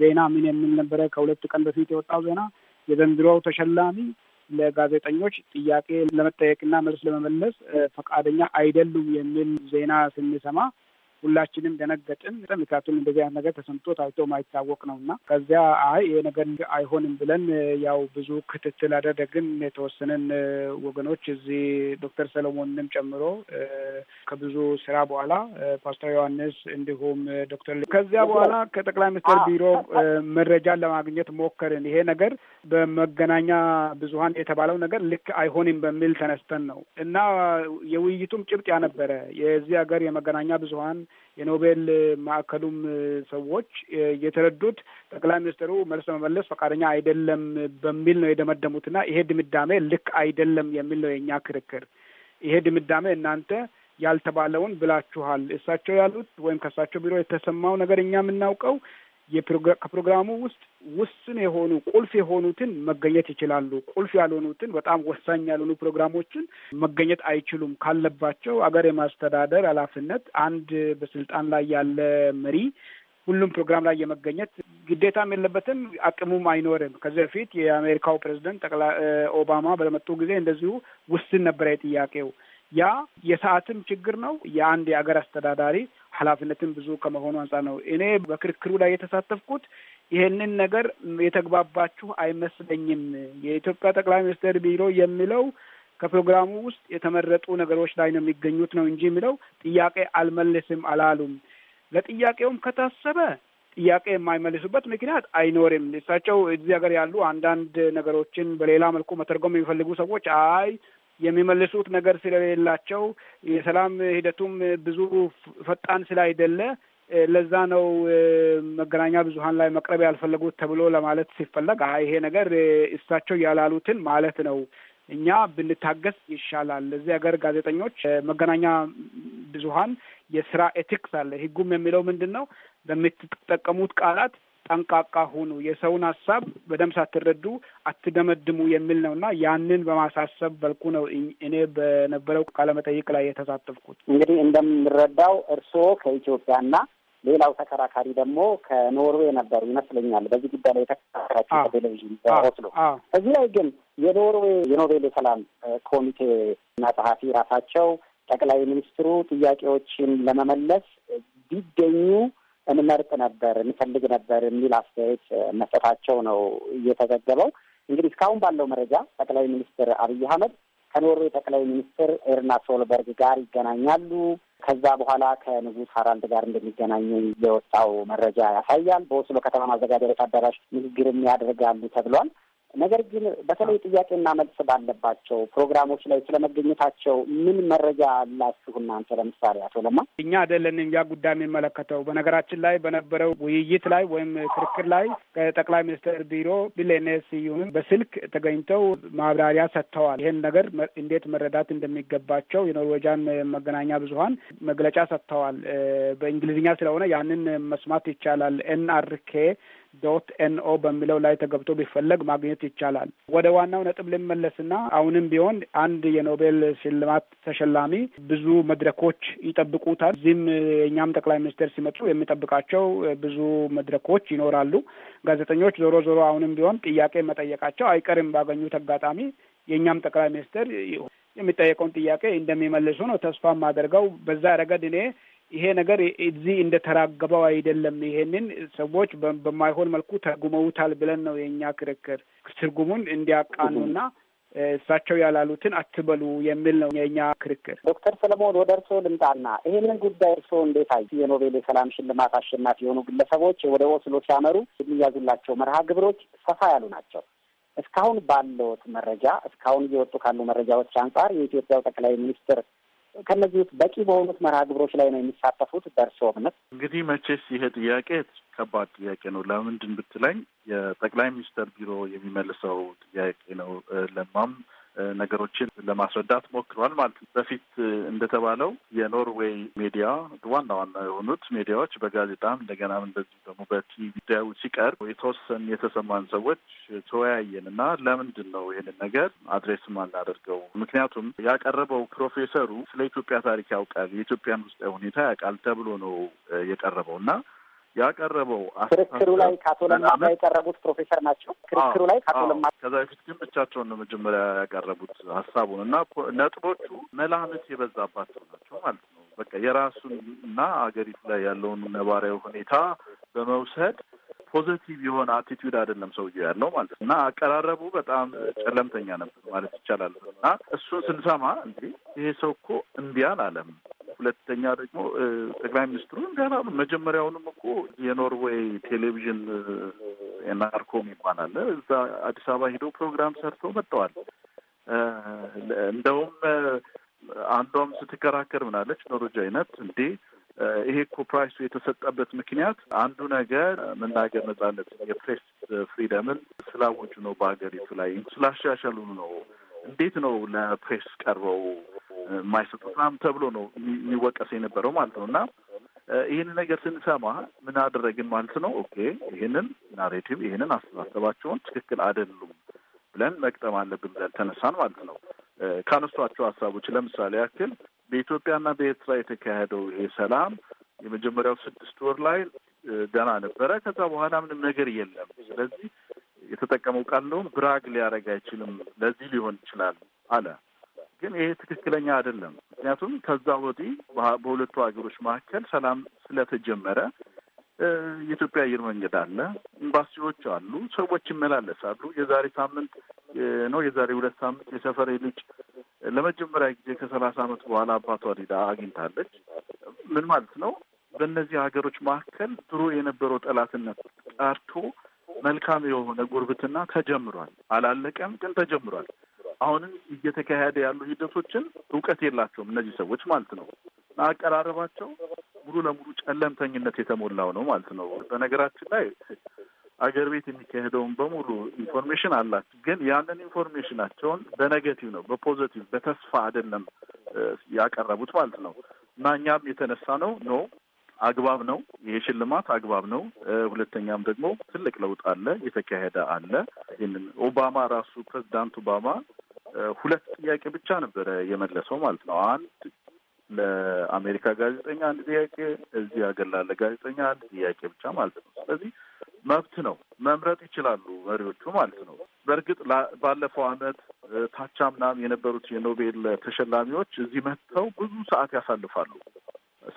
ዜና ምን የሚል ነበረ? ከሁለት ቀን በፊት የወጣው ዜና የዘንድሮው ተሸላሚ ለጋዜጠኞች ጥያቄ ለመጠየቅና መልስ ለመመለስ ፈቃደኛ አይደሉም የሚል ዜና ስንሰማ ሁላችንም ደነገጥን። ምክንያቱም እንደዚህ አይነት ነገር ተሰምቶ ታይቶ ማይታወቅ ነው እና ከዚያ አይ ይሄ ነገር አይሆንም ብለን ያው ብዙ ክትትል አደረግን። የተወሰነን ወገኖች እዚህ ዶክተር ሰለሞንንም ጨምሮ ከብዙ ስራ በኋላ ፓስተር ዮሐንስ እንዲሁም ዶክተር ከዚያ በኋላ ከጠቅላይ ሚኒስትር ቢሮ መረጃ ለማግኘት ሞከርን። ይሄ ነገር በመገናኛ ብዙሀን የተባለው ነገር ልክ አይሆንም በሚል ተነስተን ነው እና የውይይቱም ጭብጥ ያነበረ የዚህ ሀገር የመገናኛ ብዙሀን የኖቤል ማዕከሉም ሰዎች የተረዱት ጠቅላይ ሚኒስትሩ መልስ ለመመለስ ፈቃደኛ አይደለም በሚል ነው የደመደሙትና ይሄ ድምዳሜ ልክ አይደለም የሚል ነው የእኛ ክርክር። ይሄ ድምዳሜ እናንተ ያልተባለውን ብላችኋል። እሳቸው ያሉት ወይም ከእሳቸው ቢሮ የተሰማው ነገር እኛ የምናውቀው ከፕሮግራሙ ውስጥ ውስን የሆኑ ቁልፍ የሆኑትን መገኘት ይችላሉ። ቁልፍ ያልሆኑትን በጣም ወሳኝ ያልሆኑ ፕሮግራሞችን መገኘት አይችሉም። ካለባቸው አገር የማስተዳደር ኃላፊነት አንድ በስልጣን ላይ ያለ መሪ ሁሉም ፕሮግራም ላይ የመገኘት ግዴታም የለበትም፣ አቅሙም አይኖርም። ከዚህ በፊት የአሜሪካው ፕሬዚደንት ጠቅላይ ኦባማ በመጡ ጊዜ እንደዚሁ ውስን ነበረ ጥያቄው። ያ የሰዓትም ችግር ነው። የአንድ የአገር አስተዳዳሪ ኃላፊነትም ብዙ ከመሆኑ አንጻር ነው። እኔ በክርክሩ ላይ የተሳተፍኩት ይህንን ነገር የተግባባችሁ አይመስለኝም። የኢትዮጵያ ጠቅላይ ሚኒስትር ቢሮ የሚለው ከፕሮግራሙ ውስጥ የተመረጡ ነገሮች ላይ ነው የሚገኙት ነው እንጂ የሚለው ጥያቄ አልመልስም አላሉም። ለጥያቄውም ከታሰበ ጥያቄ የማይመልሱበት ምክንያት አይኖርም። እሳቸው እዚህ ሀገር ያሉ አንዳንድ ነገሮችን በሌላ መልኩ መተርጎም የሚፈልጉ ሰዎች አይ የሚመልሱት ነገር ስለሌላቸው የሰላም ሂደቱም ብዙ ፈጣን ስላይደለ ለዛ ነው መገናኛ ብዙኃን ላይ መቅረብ ያልፈለጉት ተብሎ ለማለት ሲፈለግ ይሄ ነገር እሳቸው ያላሉትን ማለት ነው። እኛ ብንታገስ ይሻላል። ለዚህ ሀገር ጋዜጠኞች፣ መገናኛ ብዙኃን የስራ ኤቲክስ አለ። ህጉም የሚለው ምንድን ነው? በምትጠቀሙት ቃላት ጠንቃቃ ሁኑ፣ የሰውን ሀሳብ በደንብ ሳትረዱ አትደመድሙ የሚል ነው እና ያንን በማሳሰብ በልኩ ነው እኔ በነበረው ቃለመጠይቅ ላይ የተሳተፍኩት። እንግዲህ እንደምንረዳው እርስዎ ከኢትዮጵያና ሌላው ተከራካሪ ደግሞ ከኖርዌይ ነበሩ ይመስለኛል። በዚህ ጉዳይ ላይ የተከራከራችሁ በቴሌቪዥን በኦስሎ። እዚህ ላይ ግን የኖርዌይ የኖቤል የሰላም ኮሚቴ እና ጸሐፊ ራሳቸው ጠቅላይ ሚኒስትሩ ጥያቄዎችን ለመመለስ ቢገኙ እንመርጥ ነበር እንፈልግ ነበር የሚል አስተያየት መስጠታቸው ነው እየተዘገበው። እንግዲህ እስካሁን ባለው መረጃ ጠቅላይ ሚኒስትር አብይ አህመድ ከኖርዌይ ጠቅላይ ሚኒስትር ኤርና ሶልበርግ ጋር ይገናኛሉ። ከዛ በኋላ ከንጉስ ሀራልድ ጋር እንደሚገናኙ የወጣው መረጃ ያሳያል። በኦስሎ ከተማ ማዘጋጃ ቤት አዳራሽ ንግግርም ያደርጋሉ ተብሏል። ነገር ግን በተለይ ጥያቄና መልስ ባለባቸው ፕሮግራሞች ላይ ስለመገኘታቸው ምን መረጃ አላችሁ እናንተ? ለምሳሌ አቶ ለማ እኛ አይደለንም ያ ጉዳይ የሚመለከተው። በነገራችን ላይ በነበረው ውይይት ላይ ወይም ክርክር ላይ ከጠቅላይ ሚኒስትር ቢሮ ቢሌኔ በስልክ ተገኝተው ማብራሪያ ሰጥተዋል። ይህን ነገር እንዴት መረዳት እንደሚገባቸው የኖርዌጃን መገናኛ ብዙኃን መግለጫ ሰጥተዋል። በእንግሊዝኛ ስለሆነ ያንን መስማት ይቻላል። ኤንአርኬ ዶት ኤንኦ በሚለው ላይ ተገብቶ ቢፈለግ ማግኘት ይቻላል። ወደ ዋናው ነጥብ ልመለስና አሁንም ቢሆን አንድ የኖቤል ሽልማት ተሸላሚ ብዙ መድረኮች ይጠብቁታል። እዚህም የእኛም ጠቅላይ ሚኒስትር ሲመጡ የሚጠብቃቸው ብዙ መድረኮች ይኖራሉ። ጋዜጠኞች ዞሮ ዞሮ አሁንም ቢሆን ጥያቄ መጠየቃቸው አይቀርም። ባገኙት አጋጣሚ የእኛም ጠቅላይ ሚኒስትር የሚጠየቀውን ጥያቄ እንደሚመልሱ ነው ተስፋ የማደርገው። በዛ ረገድ እኔ ይሄ ነገር እዚህ እንደተራገበው አይደለም። ይሄንን ሰዎች በማይሆን መልኩ ተርጉመውታል ብለን ነው የእኛ ክርክር። ትርጉሙን እንዲያቃኑና እሳቸው ያላሉትን አትበሉ የሚል ነው የእኛ ክርክር። ዶክተር ሰለሞን ወደ እርስዎ ልምጣና ይህንን ጉዳይ እርስዎ እንዴት አይ የኖቤል የሰላም ሽልማት አሸናፊ የሆኑ ግለሰቦች ወደ ኦስሎ ሲያመሩ የሚያዙላቸው መርሃ ግብሮች ሰፋ ያሉ ናቸው። እስካሁን ባለዎት መረጃ እስካሁን እየወጡ ካሉ መረጃዎች አንጻር የኢትዮጵያው ጠቅላይ ሚኒስትር ከነዚህ ውስጥ በቂ በሆኑት መርሃ ግብሮች ላይ ነው የሚሳተፉት? በእርሶ እምነት? እንግዲህ መቼስ ይሄ ጥያቄ ከባድ ጥያቄ ነው። ለምንድን ብትለኝ የጠቅላይ ሚኒስተር ቢሮ የሚመልሰው ጥያቄ ነው። ለማም ነገሮችን ለማስረዳት ሞክሯል ማለት ነው። በፊት እንደተባለው የኖርዌይ ሚዲያ ዋና ዋና የሆኑት ሚዲያዎች በጋዜጣም እንደገናም እንደዚህ ደግሞ በቲቪ ጉዳዩ ሲቀርብ የተወሰን የተሰማን ሰዎች ተወያየን እና ለምንድን ነው ይህንን ነገር አድሬስም አናደርገው? ምክንያቱም ያቀረበው ፕሮፌሰሩ ስለ ኢትዮጵያ ታሪክ ያውቃል፣ የኢትዮጵያን ውስጣዊ ሁኔታ ያውቃል ተብሎ ነው የቀረበው እና ያቀረበው ክርክሩ ላይ ከአቶ ለማ የቀረቡት ፕሮፌሰር ናቸው። ክርክሩ ላይ ከአቶ ለማ ከዛ በፊት ግን ብቻቸውን ነው መጀመሪያ ያቀረቡት ሀሳቡን እና ነጥቦቹ መላምት የበዛባቸው ናቸው ማለት ነው። በቃ የራሱን እና አገሪቱ ላይ ያለውን ነባራዊ ሁኔታ በመውሰድ ፖዘቲቭ የሆነ አቲቲዩድ አይደለም ሰውዬው ያለው ማለት ነው እና አቀራረቡ በጣም ጨለምተኛ ነበር ማለት ይቻላል። እና እሱን ስንሰማ እንዴ ይሄ ሰው እኮ እምቢ አላለም። ሁለተኛ ደግሞ ጠቅላይ ሚኒስትሩ እምቢ አላሉ። መጀመሪያውንም እኮ የኖርዌይ ቴሌቪዥን ኤንአርኮም ይባላል። እዛ አዲስ አበባ ሂዶ ፕሮግራም ሰርቶ መጥተዋል። እንደውም አንዷም ስትከራከር ምናለች ኖሮጅ አይነት እንዴ ይሄ እኮ ፕራይሱ የተሰጠበት ምክንያት አንዱ ነገር መናገር ነጻነት የፕሬስ ፍሪደምን ስላወጁ ነው፣ በሀገሪቱ ላይ ስላሻሻሉ ነው። እንዴት ነው ለፕሬስ ቀርበው የማይሰጡት ምናምን ተብሎ ነው የሚወቀስ የነበረው ማለት ነው እና ይህን ነገር ስንሰማ ምን አደረግን ማለት ነው? ኦኬ ይህንን ናሬቲቭ ይህንን አስተሳሰባቸውን ትክክል አይደሉም ብለን መቅጠም አለብን ብለን ተነሳን ማለት ነው። ካነሷቸው ሀሳቦች ለምሳሌ ያክል በኢትዮጵያና በኤርትራ የተካሄደው ይሄ ሰላም የመጀመሪያው ስድስት ወር ላይ ደህና ነበረ። ከዛ በኋላ ምንም ነገር የለም። ስለዚህ የተጠቀመው ቃል እንደውም ብራግ ሊያደርግ አይችልም፣ ለዚህ ሊሆን ይችላል አለ። ግን ይሄ ትክክለኛ አይደለም። ምክንያቱም ከዛ ወዲህ በሁለቱ ሀገሮች መካከል ሰላም ስለተጀመረ የኢትዮጵያ አየር መንገድ አለ፣ ኤምባሲዎች አሉ፣ ሰዎች ይመላለሳሉ። የዛሬ ሳምንት ነው የዛሬ ሁለት ሳምንት የሰፈሬ ልጅ ለመጀመሪያ ጊዜ ከሰላሳ ዓመት በኋላ አባቷ ዲዳ አግኝታለች። ምን ማለት ነው? በእነዚህ ሀገሮች መካከል ድሮ የነበረው ጠላትነት ቀርቶ መልካም የሆነ ጉርብትና ተጀምሯል። አላለቀም፣ ግን ተጀምሯል። አሁንም እየተካሄደ ያሉ ሂደቶችን እውቀት የላቸውም እነዚህ ሰዎች ማለት ነው። አቀራረባቸው ሙሉ ለሙሉ ጨለምተኝነት የተሞላው ነው ማለት ነው። በነገራችን ላይ አገር ቤት የሚካሄደውን በሙሉ ኢንፎርሜሽን አላቸው፣ ግን ያንን ኢንፎርሜሽናቸውን በነገቲቭ ነው፣ በፖዘቲቭ በተስፋ አይደለም ያቀረቡት ማለት ነው። እና እኛም የተነሳ ነው ኖ አግባብ ነው ይሄ ሽልማት አግባብ ነው። ሁለተኛም ደግሞ ትልቅ ለውጥ አለ የተካሄደ አለ። ይህንን ኦባማ ራሱ ፕሬዚዳንት ኦባማ ሁለት ጥያቄ ብቻ ነበረ የመለሰው ማለት ነው። አንድ ለአሜሪካ ጋዜጠኛ አንድ ጥያቄ፣ እዚህ ሀገር ላለ ጋዜጠኛ አንድ ጥያቄ ብቻ ማለት ነው። ስለዚህ መብት ነው፣ መምረጥ ይችላሉ መሪዎቹ ማለት ነው። በእርግጥ ባለፈው ዓመት ታቻ ምናም የነበሩት የኖቤል ተሸላሚዎች እዚህ መጥተው ብዙ ሰዓት ያሳልፋሉ፣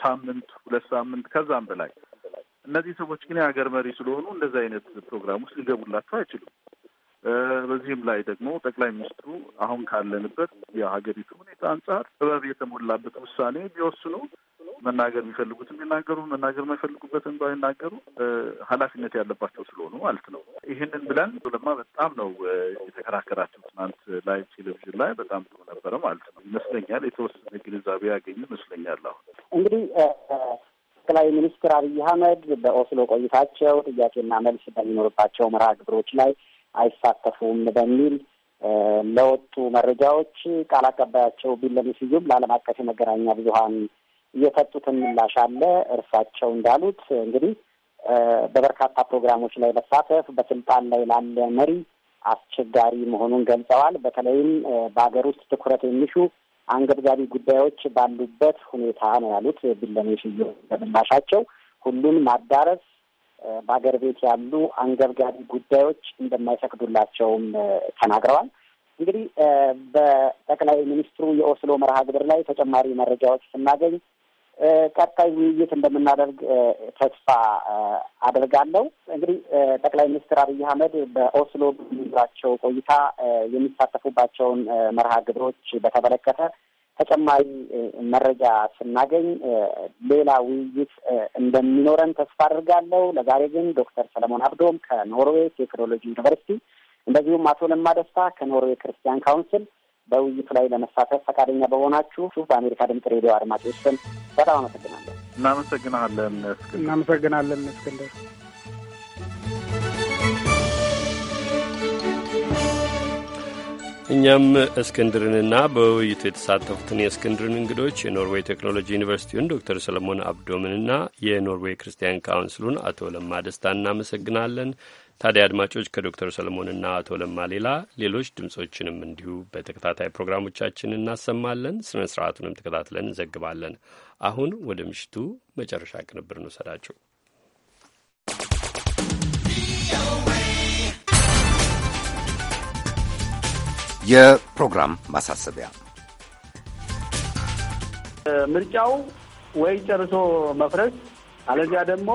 ሳምንት፣ ሁለት ሳምንት ከዛም በላይ። እነዚህ ሰዎች ግን የሀገር መሪ ስለሆኑ እንደዚህ አይነት ፕሮግራም ውስጥ ሊገቡላቸው አይችሉም። በዚህም ላይ ደግሞ ጠቅላይ ሚኒስትሩ አሁን ካለንበት የሀገሪቱ ሁኔታ አንጻር ጥበብ የተሞላበት ውሳኔ ቢወስኑ መናገር የሚፈልጉት ቢናገሩ፣ መናገር የማይፈልጉበትን ባይናገሩ ኃላፊነት ያለባቸው ስለሆኑ ማለት ነው። ይህንን ብለን ለማ በጣም ነው የተከራከራቸው። ትናንት ላይ ቴሌቪዥን ላይ በጣም ጥሩ ነበረ ማለት ነው ይመስለኛል። የተወሰነ ግንዛቤ ያገኙ ይመስለኛል። አሁን እንግዲህ ጠቅላይ ሚኒስትር አብይ አህመድ በኦስሎ ቆይታቸው ጥያቄና መልስ በሚኖርባቸው መርሃ ግብሮች ላይ አይሳተፉም በሚል ለወጡ መረጃዎች ቃል አቀባያቸው ቢለኔ ስዩም ለዓለም አቀፍ የመገናኛ ብዙኃን የሰጡትን ምላሽ አለ። እርሳቸው እንዳሉት እንግዲህ በበርካታ ፕሮግራሞች ላይ መሳተፍ በስልጣን ላይ ላለ መሪ አስቸጋሪ መሆኑን ገልጸዋል። በተለይም በሀገር ውስጥ ትኩረት የሚሹ አንገብጋቢ ጉዳዮች ባሉበት ሁኔታ ነው ያሉት ቢለኔ ስዩም በምላሻቸው ሁሉን ማዳረስ በአገር ቤት ያሉ አንገብጋቢ ጉዳዮች እንደማይፈቅዱላቸውም ተናግረዋል። እንግዲህ በጠቅላይ ሚኒስትሩ የኦስሎ መርሃ ግብር ላይ ተጨማሪ መረጃዎች ስናገኝ ቀጣይ ውይይት እንደምናደርግ ተስፋ አደርጋለሁ። እንግዲህ ጠቅላይ ሚኒስትር አብይ አህመድ በኦስሎ በሚኖራቸው ቆይታ የሚሳተፉባቸውን መርሃ ግብሮች በተመለከተ ተጨማሪ መረጃ ስናገኝ ሌላ ውይይት እንደሚኖረን ተስፋ አድርጋለሁ። ለዛሬ ግን ዶክተር ሰለሞን አብዶም ከኖርዌይ ቴክኖሎጂ ዩኒቨርሲቲ እንደዚሁም አቶ ለማ ደስታ ከኖርዌይ ክርስቲያን ካውንስል በውይይቱ ላይ ለመሳተፍ ፈቃደኛ በሆናችሁ በአሜሪካ ድምጽ ሬዲዮ አድማጮች ስም በጣም አመሰግናለሁ። እናመሰግናለን። እናመሰግናለን እስክንድር። እኛም እስክንድርንና በውይይቱ የተሳተፉትን የእስክንድርን እንግዶች የኖርዌይ ቴክኖሎጂ ዩኒቨርሲቲውን ዶክተር ሰለሞን አብዶምንና የኖርዌይ ክርስቲያን ካውንስሉን አቶ ለማ ደስታ እናመሰግናለን። ታዲያ አድማጮች ከዶክተር ሰለሞንና አቶ ለማ ሌላ ሌሎች ድምጾችንም እንዲሁ በተከታታይ ፕሮግራሞቻችን እናሰማለን። ስነ ስርዓቱንም ተከታትለን እንዘግባለን። አሁን ወደ ምሽቱ መጨረሻ ቅንብር እንውሰዳቸው። የፕሮግራም ማሳሰቢያ ምርጫው ወይ ጨርሶ መፍረስ አለዚያ ደግሞ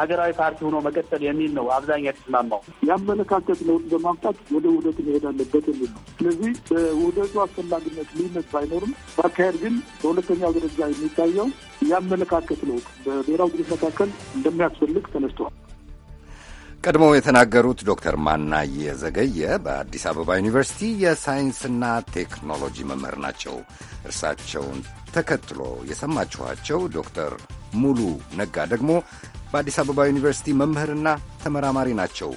አገራዊ ፓርቲ ሆኖ መቀጠል የሚል ነው። አብዛኛው የተስማማው የአመለካከት ለውጥ በማምጣት ወደ ውህደት መሄድ አለበት የሚል ነው። ስለዚህ በውህደቱ አስፈላጊነት ልዩነት ባይኖርም በአካሄድ ግን በሁለተኛው ደረጃ የሚታየው የአመለካከት ለውጥ በብሔራዊ ድርጅት መካከል እንደሚያስፈልግ ተነስተዋል። ቀድሞው የተናገሩት ዶክተር ማናየ ዘገየ በአዲስ አበባ ዩኒቨርሲቲ የሳይንስና ቴክኖሎጂ መምህር ናቸው። እርሳቸውን ተከትሎ የሰማችኋቸው ዶክተር ሙሉ ነጋ ደግሞ በአዲስ አበባ ዩኒቨርሲቲ መምህርና ተመራማሪ ናቸው።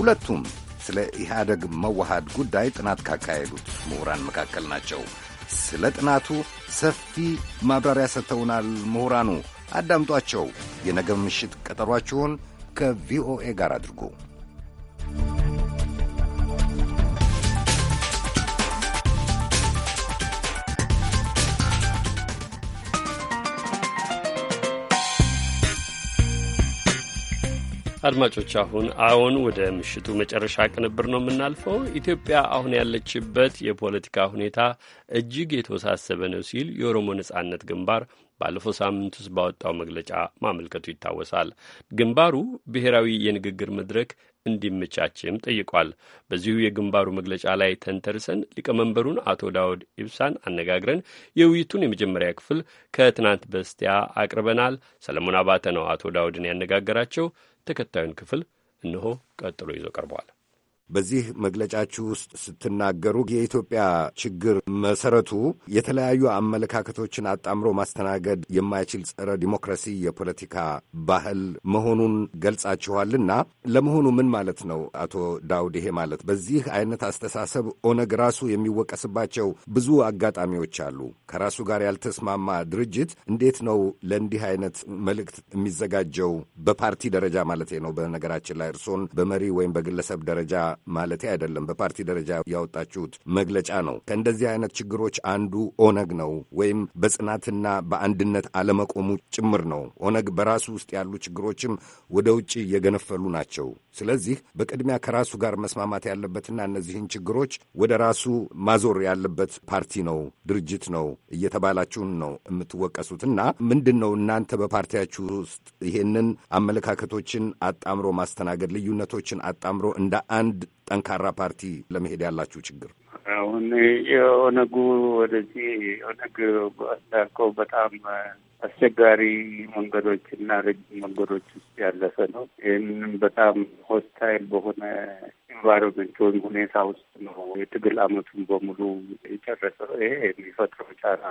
ሁለቱም ስለ ኢህአደግ መዋሃድ ጉዳይ ጥናት ካካሄዱት ምሁራን መካከል ናቸው። ስለ ጥናቱ ሰፊ ማብራሪያ ሰጥተውናል ምሁራኑ። አዳምጧቸው። የነገ ምሽት ቀጠሯችሁን ከቪኦኤ ጋር አድርጉ። አድማጮች አሁን አዎን ወደ ምሽቱ መጨረሻ ቅንብር ነው የምናልፈው። ኢትዮጵያ አሁን ያለችበት የፖለቲካ ሁኔታ እጅግ የተወሳሰበ ነው ሲል የኦሮሞ ነጻነት ግንባር ባለፈው ሳምንት ውስጥ ባወጣው መግለጫ ማመልከቱ ይታወሳል። ግንባሩ ብሔራዊ የንግግር መድረክ እንዲመቻችም ጠይቋል። በዚሁ የግንባሩ መግለጫ ላይ ተንተርሰን ሊቀመንበሩን አቶ ዳውድ ኢብሳን አነጋግረን የውይይቱን የመጀመሪያ ክፍል ከትናንት በስቲያ አቅርበናል። ሰለሞን አባተ ነው አቶ ዳውድን ያነጋገራቸው። ተከታዩን ክፍል እነሆ ቀጥሎ ይዞ ቀርቧል። በዚህ መግለጫችሁ ውስጥ ስትናገሩ የኢትዮጵያ ችግር መሰረቱ የተለያዩ አመለካከቶችን አጣምሮ ማስተናገድ የማይችል ጸረ ዲሞክራሲ የፖለቲካ ባህል መሆኑን ገልጻችኋልና ለመሆኑ ምን ማለት ነው አቶ ዳውድ? ይሄ ማለት በዚህ አይነት አስተሳሰብ ኦነግ ራሱ የሚወቀስባቸው ብዙ አጋጣሚዎች አሉ። ከራሱ ጋር ያልተስማማ ድርጅት እንዴት ነው ለእንዲህ አይነት መልእክት የሚዘጋጀው? በፓርቲ ደረጃ ማለት ነው። በነገራችን ላይ እርሶን በመሪ ወይም በግለሰብ ደረጃ ማለት አይደለም፣ በፓርቲ ደረጃ ያወጣችሁት መግለጫ ነው። ከእንደዚህ አይነት ችግሮች አንዱ ኦነግ ነው ወይም በጽናትና በአንድነት አለመቆሙ ጭምር ነው። ኦነግ በራሱ ውስጥ ያሉ ችግሮችም ወደ ውጭ እየገነፈሉ ናቸው። ስለዚህ በቅድሚያ ከራሱ ጋር መስማማት ያለበትና እነዚህን ችግሮች ወደ ራሱ ማዞር ያለበት ፓርቲ ነው፣ ድርጅት ነው እየተባላችሁን ነው የምትወቀሱት። እና ምንድን ነው እናንተ በፓርቲያችሁ ውስጥ ይሄንን አመለካከቶችን አጣምሮ ማስተናገድ፣ ልዩነቶችን አጣምሮ እንደ አንድ ጠንካራ ፓርቲ ለመሄድ ያላችሁ ችግር? አሁን የኦነጉ ወደዚህ ኦነግ እንዳልከው በጣም አስቸጋሪ መንገዶች እና ረጅም መንገዶች ውስጥ ያለፈ ነው። ይህንም በጣም ሆስታይል በሆነ ኢንቫይሮንመንት ወይም ሁኔታ ውስጥ ነው የትግል አመቱን በሙሉ የጨረሰው። ይሄ የሚፈጥረው ጫና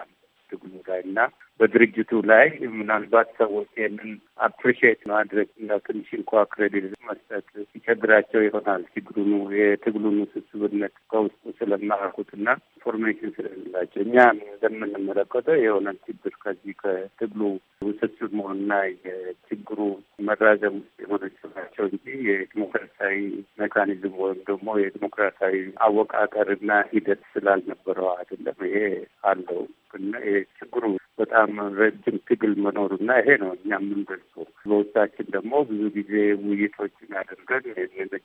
ትግሉ ላይ እና በድርጅቱ ላይ ምናልባት ሰዎች ይህንን አፕሪሺየት ማድረግ እና ትንሽ እንኳ ክሬዲት መስጠት ሲቸግራቸው ይሆናል። ችግሩኑ የትግሉን ውስብስብነት ከውስጡ ስለማያውቁትና ኢንፎርሜሽን ስለሌላቸው እኛ እንደምንመለከተው የሆነ ችግር ከዚህ ከትግሉ ውስብስብ መሆንና የችግሩ መራዘም ውስጥ የሆነች ናቸው እንጂ የዲሞክራሲያዊ ሜካኒዝም ወይም ደግሞ የዲሞክራሲያዊ አወቃቀርና ሂደት ስላልነበረው አይደለም። ይሄ አለው እና በጣም ረጅም ትግል መኖሩና ይሄ ነው እኛ የምንገልጸው። በውስጣችን ደግሞ ብዙ ጊዜ ውይይቶችን አድርገን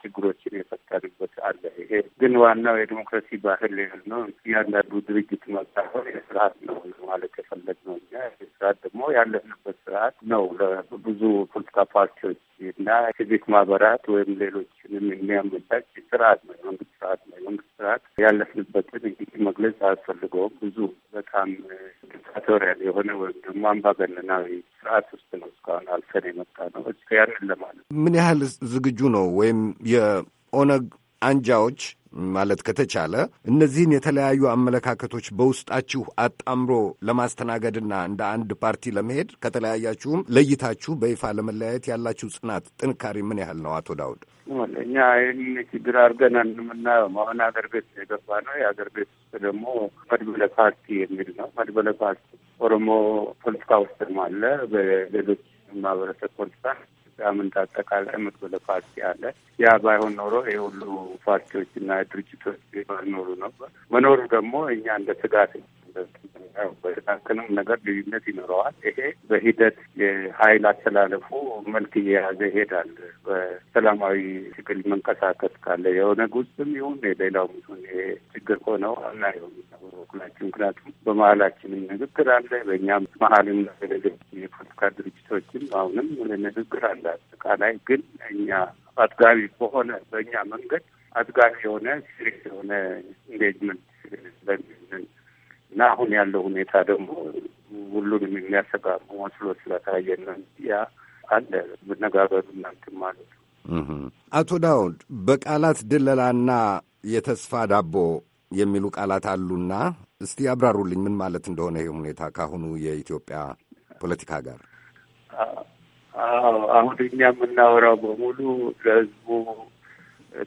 ችግሮችን የፈጠርበት አለ። ይሄ ግን ዋናው የዲሞክራሲ ባህል ያህል ነው። እያንዳንዱ ድርጅት መሳሆን የስርዓት ነው ማለት የፈለግ ነው። እኛ። ስርዓት ደግሞ ያለፍንበት ስርዓት ነው ለብዙ ፖለቲካ ፓርቲዎች እና ሲቪክ ማህበራት ወይም ሌሎችንም የሚያመቻች ስርዓት ነው የመንግስት ስርዓት ነው የመንግስት ስርዓት ያለፍንበትን እንግዲህ መግለጽ አያስፈልገውም ብዙ በጣም ዲክታቶሪያል የሆነ ወይም ደግሞ አምባገነናዊ ስርዓት ውስጥ ነው እስካሁን አልፈን የመጣ ነው። ያንን ለማለት ምን ያህል ዝግጁ ነው ወይም የኦነግ አንጃዎች ማለት ከተቻለ እነዚህን የተለያዩ አመለካከቶች በውስጣችሁ አጣምሮ ለማስተናገድና እንደ አንድ ፓርቲ ለመሄድ ከተለያያችሁም ለይታችሁ በይፋ ለመለያየት ያላችሁ ጽናት፣ ጥንካሬ ምን ያህል ነው? አቶ ዳውድ፣ እኛ ይህን ችግር አድርገን የምናየው አሁን አገር ቤት የገባ ነው። የአገር ቤት ደግሞ መድበለ ፓርቲ የሚል ነው። መድበለ ፓርቲ ኦሮሞ ፖለቲካ ውስጥም አለ፣ በሌሎች ማህበረሰብ ፖለቲካ ሳምንት አጠቃላይ መድበለ ፓርቲ አለ። ያ ባይሆን ኖሮ ይህ ሁሉ ፓርቲዎችና ድርጅቶች ባልኖሩ ነበር። መኖሩ ደግሞ እኛ እንደ ስጋት በባንክንም ነገር ልዩነት ይኖረዋል። ይሄ በሂደት የሀይል አተላለፉ መልክ እየያዘ ይሄዳል። በሰላማዊ ትግል መንቀሳቀስ ካለ የኦነግ ውስጥም ይሁን የሌላው ይሁን ይሄ ችግር ሆነው አናየውም በበኩላችን። ምክንያቱም በመሀላችንም ንግግር አለ፣ በእኛም መሀልም ሌሎች የፖለቲካ ድርጅቶችም አሁንም ንግግር አለ። አጠቃላይ ግን እኛ አጥጋቢ በሆነ በእኛ መንገድ አጥጋቢ የሆነ ስሪት የሆነ ኢንጌጅመንት ስለሚ እና አሁን ያለው ሁኔታ ደግሞ ሁሉንም የሚያሰጋ መስሎ ስለታየን ያ አለ መነጋገሩ እናንትን ማለት አቶ ዳውድ በቃላት ድለላና የተስፋ ዳቦ የሚሉ ቃላት አሉና እስቲ አብራሩልኝ ምን ማለት እንደሆነ ይህ ሁኔታ ከአሁኑ የኢትዮጵያ ፖለቲካ ጋር። አሁን እኛ የምናወራው በሙሉ ለህዝቡ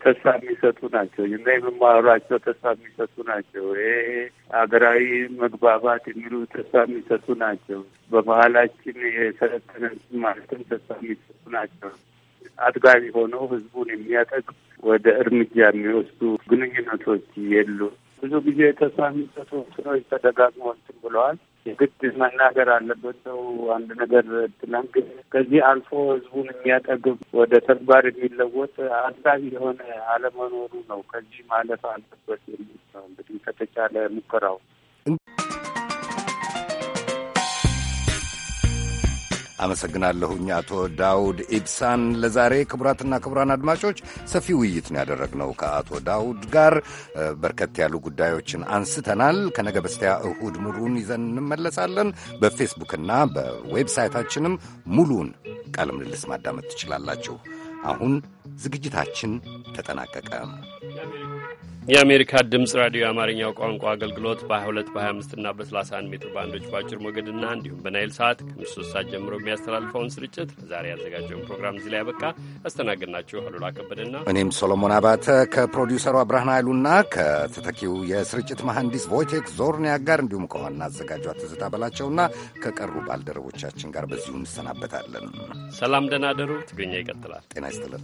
ተስፋ የሚሰጡ ናቸው እና የምማሯቸው ተስፋ የሚሰጡ ናቸው። ይሄ ሀገራዊ መግባባት የሚሉ ተስፋ የሚሰጡ ናቸው። በባህላችን የሰለጠነ ማለትም ተስፋ የሚሰጡ ናቸው። አጥጋቢ ሆነው ህዝቡን የሚያጠቅ ወደ እርምጃ የሚወስዱ ግንኙነቶች የሉ ብዙ ጊዜ የተሳሚበት ወስኖች ተደጋግሞ እንትን ብለዋል። የግድ መናገር አለበት ሰው አንድ ነገር ትላን። ግን ከዚህ አልፎ ህዝቡን የሚያጠግብ ወደ ተግባር የሚለወጥ አጥጋቢ የሆነ አለመኖሩ ነው። ከዚህ ማለፍ አለበት የሚል ነው እንግዲህ ከተቻለ ሙከራው አመሰግናለሁኝ አቶ ዳውድ ኢብሳን። ለዛሬ ክቡራትና ክቡራን አድማጮች ሰፊ ውይይት ነው ያደረግነው። ከአቶ ዳውድ ጋር በርከት ያሉ ጉዳዮችን አንስተናል። ከነገ በስቲያ እሁድ ሙሉን ይዘን እንመለሳለን። በፌስቡክና በዌብሳይታችንም ሙሉን ቃለ ምልልስ ማዳመጥ ትችላላችሁ። አሁን ዝግጅታችን ተጠናቀቀ። የአሜሪካ ድምፅ ራዲዮ የአማርኛው ቋንቋ አገልግሎት በ22 በ25 እና በ31 ሜትር ባንዶች በአጭር ሞገድና እንዲሁም በናይል ሰዓት ከምሽቱ ሶስት ሰዓት ጀምሮ የሚያስተላልፈውን ስርጭት ዛሬ ያዘጋጀውን ፕሮግራም እዚህ ላይ ያበቃ። ያስተናገድናችሁ አሉላ ከበደና እኔም ሶሎሞን አባተ ከፕሮዲውሰሩ አብርሃን ኃይሉና ከተተኪው የስርጭት መሐንዲስ ቮይቴክ ዞርኒያክ ጋር እንዲሁም ከዋና አዘጋጇ ትዝታ በላቸውና ከቀሩ ባልደረቦቻችን ጋር በዚሁ እንሰናበታለን። ሰላም ደናደሩ። ትግርኛ ይቀጥላል። ጤና ይስጥልን።